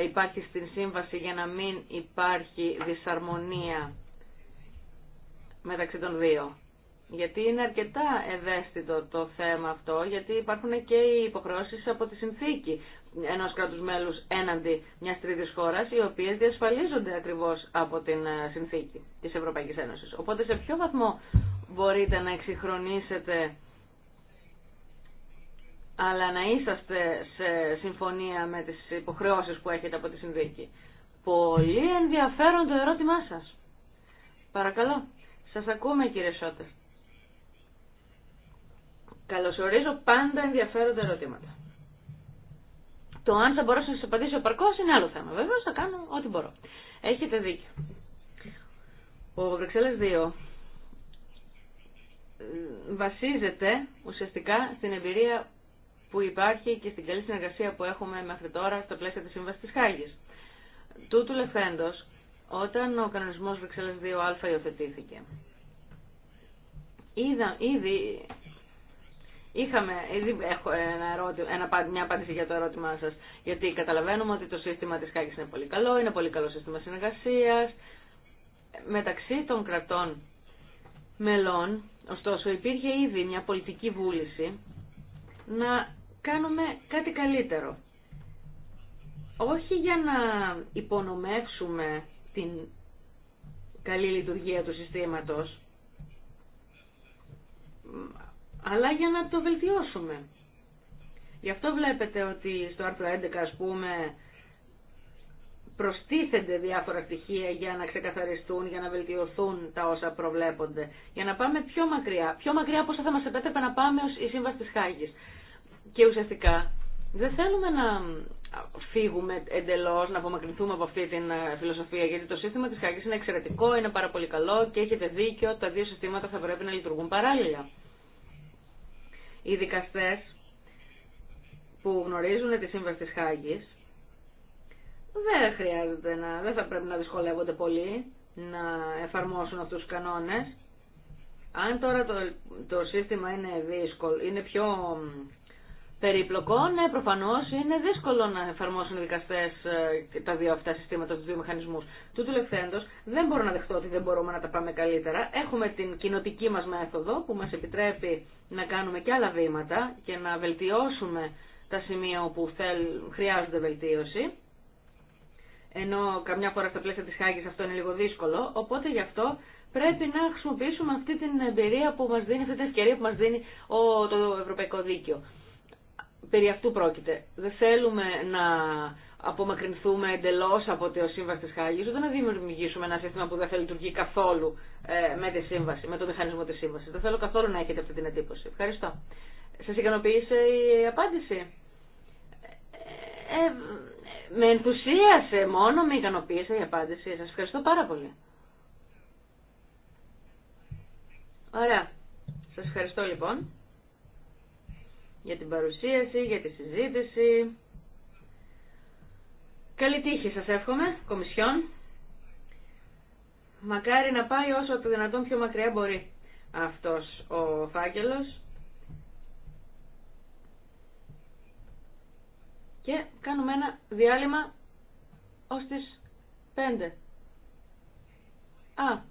ε, υπάρχει στην Σύμβαση για να μην υπάρχει δυσαρμονία μεταξύ των δύο γιατί είναι αρκετά ευαίσθητο το θέμα αυτό, γιατί υπάρχουν και οι υποχρεώσεις από τη συνθήκη ενός κράτου μέλους έναντι μιας τρίτης χώρας, οι οποίες διασφαλίζονται ακριβώς από την ε, συνθήκη της Ευρωπαϊκής Ένωσης. Οπότε σε ποιο βαθμό μπορείτε να εξυγχρονίσετε αλλά να είσαστε σε συμφωνία με τις υποχρεώσεις που έχετε από τη συνθήκη. Πολύ ενδιαφέρον το ερώτημά σας. Παρακαλώ. Σας ακούμε κύριε Σότερ. Καλωσορίζω πάντα ενδιαφέροντα ερωτήματα. Το αν θα μπορέσω να σα απαντήσω επαρκώ είναι άλλο θέμα. Βεβαίω θα κάνω ό,τι μπορώ. Έχετε δίκιο. Ο Βρυξέλλες 2 ε, βασίζεται ουσιαστικά στην εμπειρία που υπάρχει και στην καλή συνεργασία που έχουμε μέχρι τώρα στα πλαίσια της Σύμβασης της Χάγης. Τούτου λεφθέντος, όταν ο κανονισμός Βρυξέλλες 2α υιοθετήθηκε, είδα, ήδη Είχαμε, ήδη έχω ένα ερώτημα, ένα, μια απάντηση για το ερώτημά σας, γιατί καταλαβαίνουμε ότι το σύστημα της Χάκης είναι πολύ καλό, είναι πολύ καλό σύστημα συνεργασίας. Μεταξύ των κρατών μελών, ωστόσο, υπήρχε ήδη μια πολιτική βούληση να κάνουμε κάτι καλύτερο. Όχι για να υπονομεύσουμε την καλή λειτουργία του συστήματος, αλλά για να το βελτιώσουμε. Γι' αυτό βλέπετε ότι στο άρθρο 11 ας πούμε προστίθενται διάφορα στοιχεία για να ξεκαθαριστούν, για να βελτιωθούν τα όσα προβλέπονται, για να πάμε πιο μακριά, πιο μακριά από όσα θα μας επέτρεπε να πάμε ως η Σύμβαση της Χάγης. Και ουσιαστικά δεν θέλουμε να φύγουμε εντελώς, να απομακρυνθούμε από αυτή την ε, φιλοσοφία, γιατί το σύστημα της Χάγης είναι εξαιρετικό, είναι πάρα πολύ καλό και έχετε δίκιο, τα δύο συστήματα θα πρέπει να λειτουργούν παράλληλα οι δικαστές που γνωρίζουν τη σύμβαση της Χάγης δεν χρειάζεται να, δεν θα πρέπει να δυσκολεύονται πολύ να εφαρμόσουν αυτούς τους κανόνες. Αν τώρα το, το σύστημα είναι δύσκολο, είναι πιο περίπλοκο, ναι, προφανώ είναι δύσκολο να εφαρμόσουν οι δικαστέ ε, τα δύο αυτά συστήματα, του δύο μηχανισμού. Τούτου λεχθέντο, δεν μπορώ να δεχτώ ότι δεν μπορούμε να τα πάμε καλύτερα. Έχουμε την κοινοτική μα μέθοδο που μα επιτρέπει να κάνουμε και άλλα βήματα και να βελτιώσουμε τα σημεία όπου θέλ, χρειάζονται βελτίωση. Ενώ καμιά φορά στα πλαίσια τη Χάγη αυτό είναι λίγο δύσκολο. Οπότε γι' αυτό πρέπει να χρησιμοποιήσουμε αυτή την εμπειρία που μα δίνει, αυτή την ευκαιρία που μα δίνει το Ευρωπαϊκό Δίκαιο περί αυτού πρόκειται. Δεν θέλουμε να απομακρυνθούμε εντελώ από το σύμβαση τη Χάγη, ούτε να δημιουργήσουμε ένα σύστημα που δεν θα λειτουργεί καθόλου ε, με τη σύμβαση, με το μηχανισμό τη σύμβαση. Δεν θέλω καθόλου να έχετε αυτή την εντύπωση. Ευχαριστώ. Σα ικανοποίησε η απάντηση. Ε, ε, με ενθουσίασε μόνο, με ικανοποίησε η απάντηση. Σα ευχαριστώ πάρα πολύ. Ωραία. Σας ευχαριστώ λοιπόν για την παρουσίαση, για τη συζήτηση. Καλή τύχη σας εύχομαι, Κομισιόν. Μακάρι να πάει όσο το δυνατόν πιο μακριά μπορεί αυτός ο φάκελος. Και κάνουμε ένα διάλειμμα ως τις 5. Α,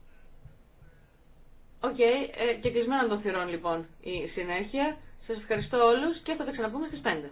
οκ, ε, και κλεισμένα των θυρών λοιπόν η συνέχεια. Σας ευχαριστώ όλους και θα τα ξαναπούμε στις 5.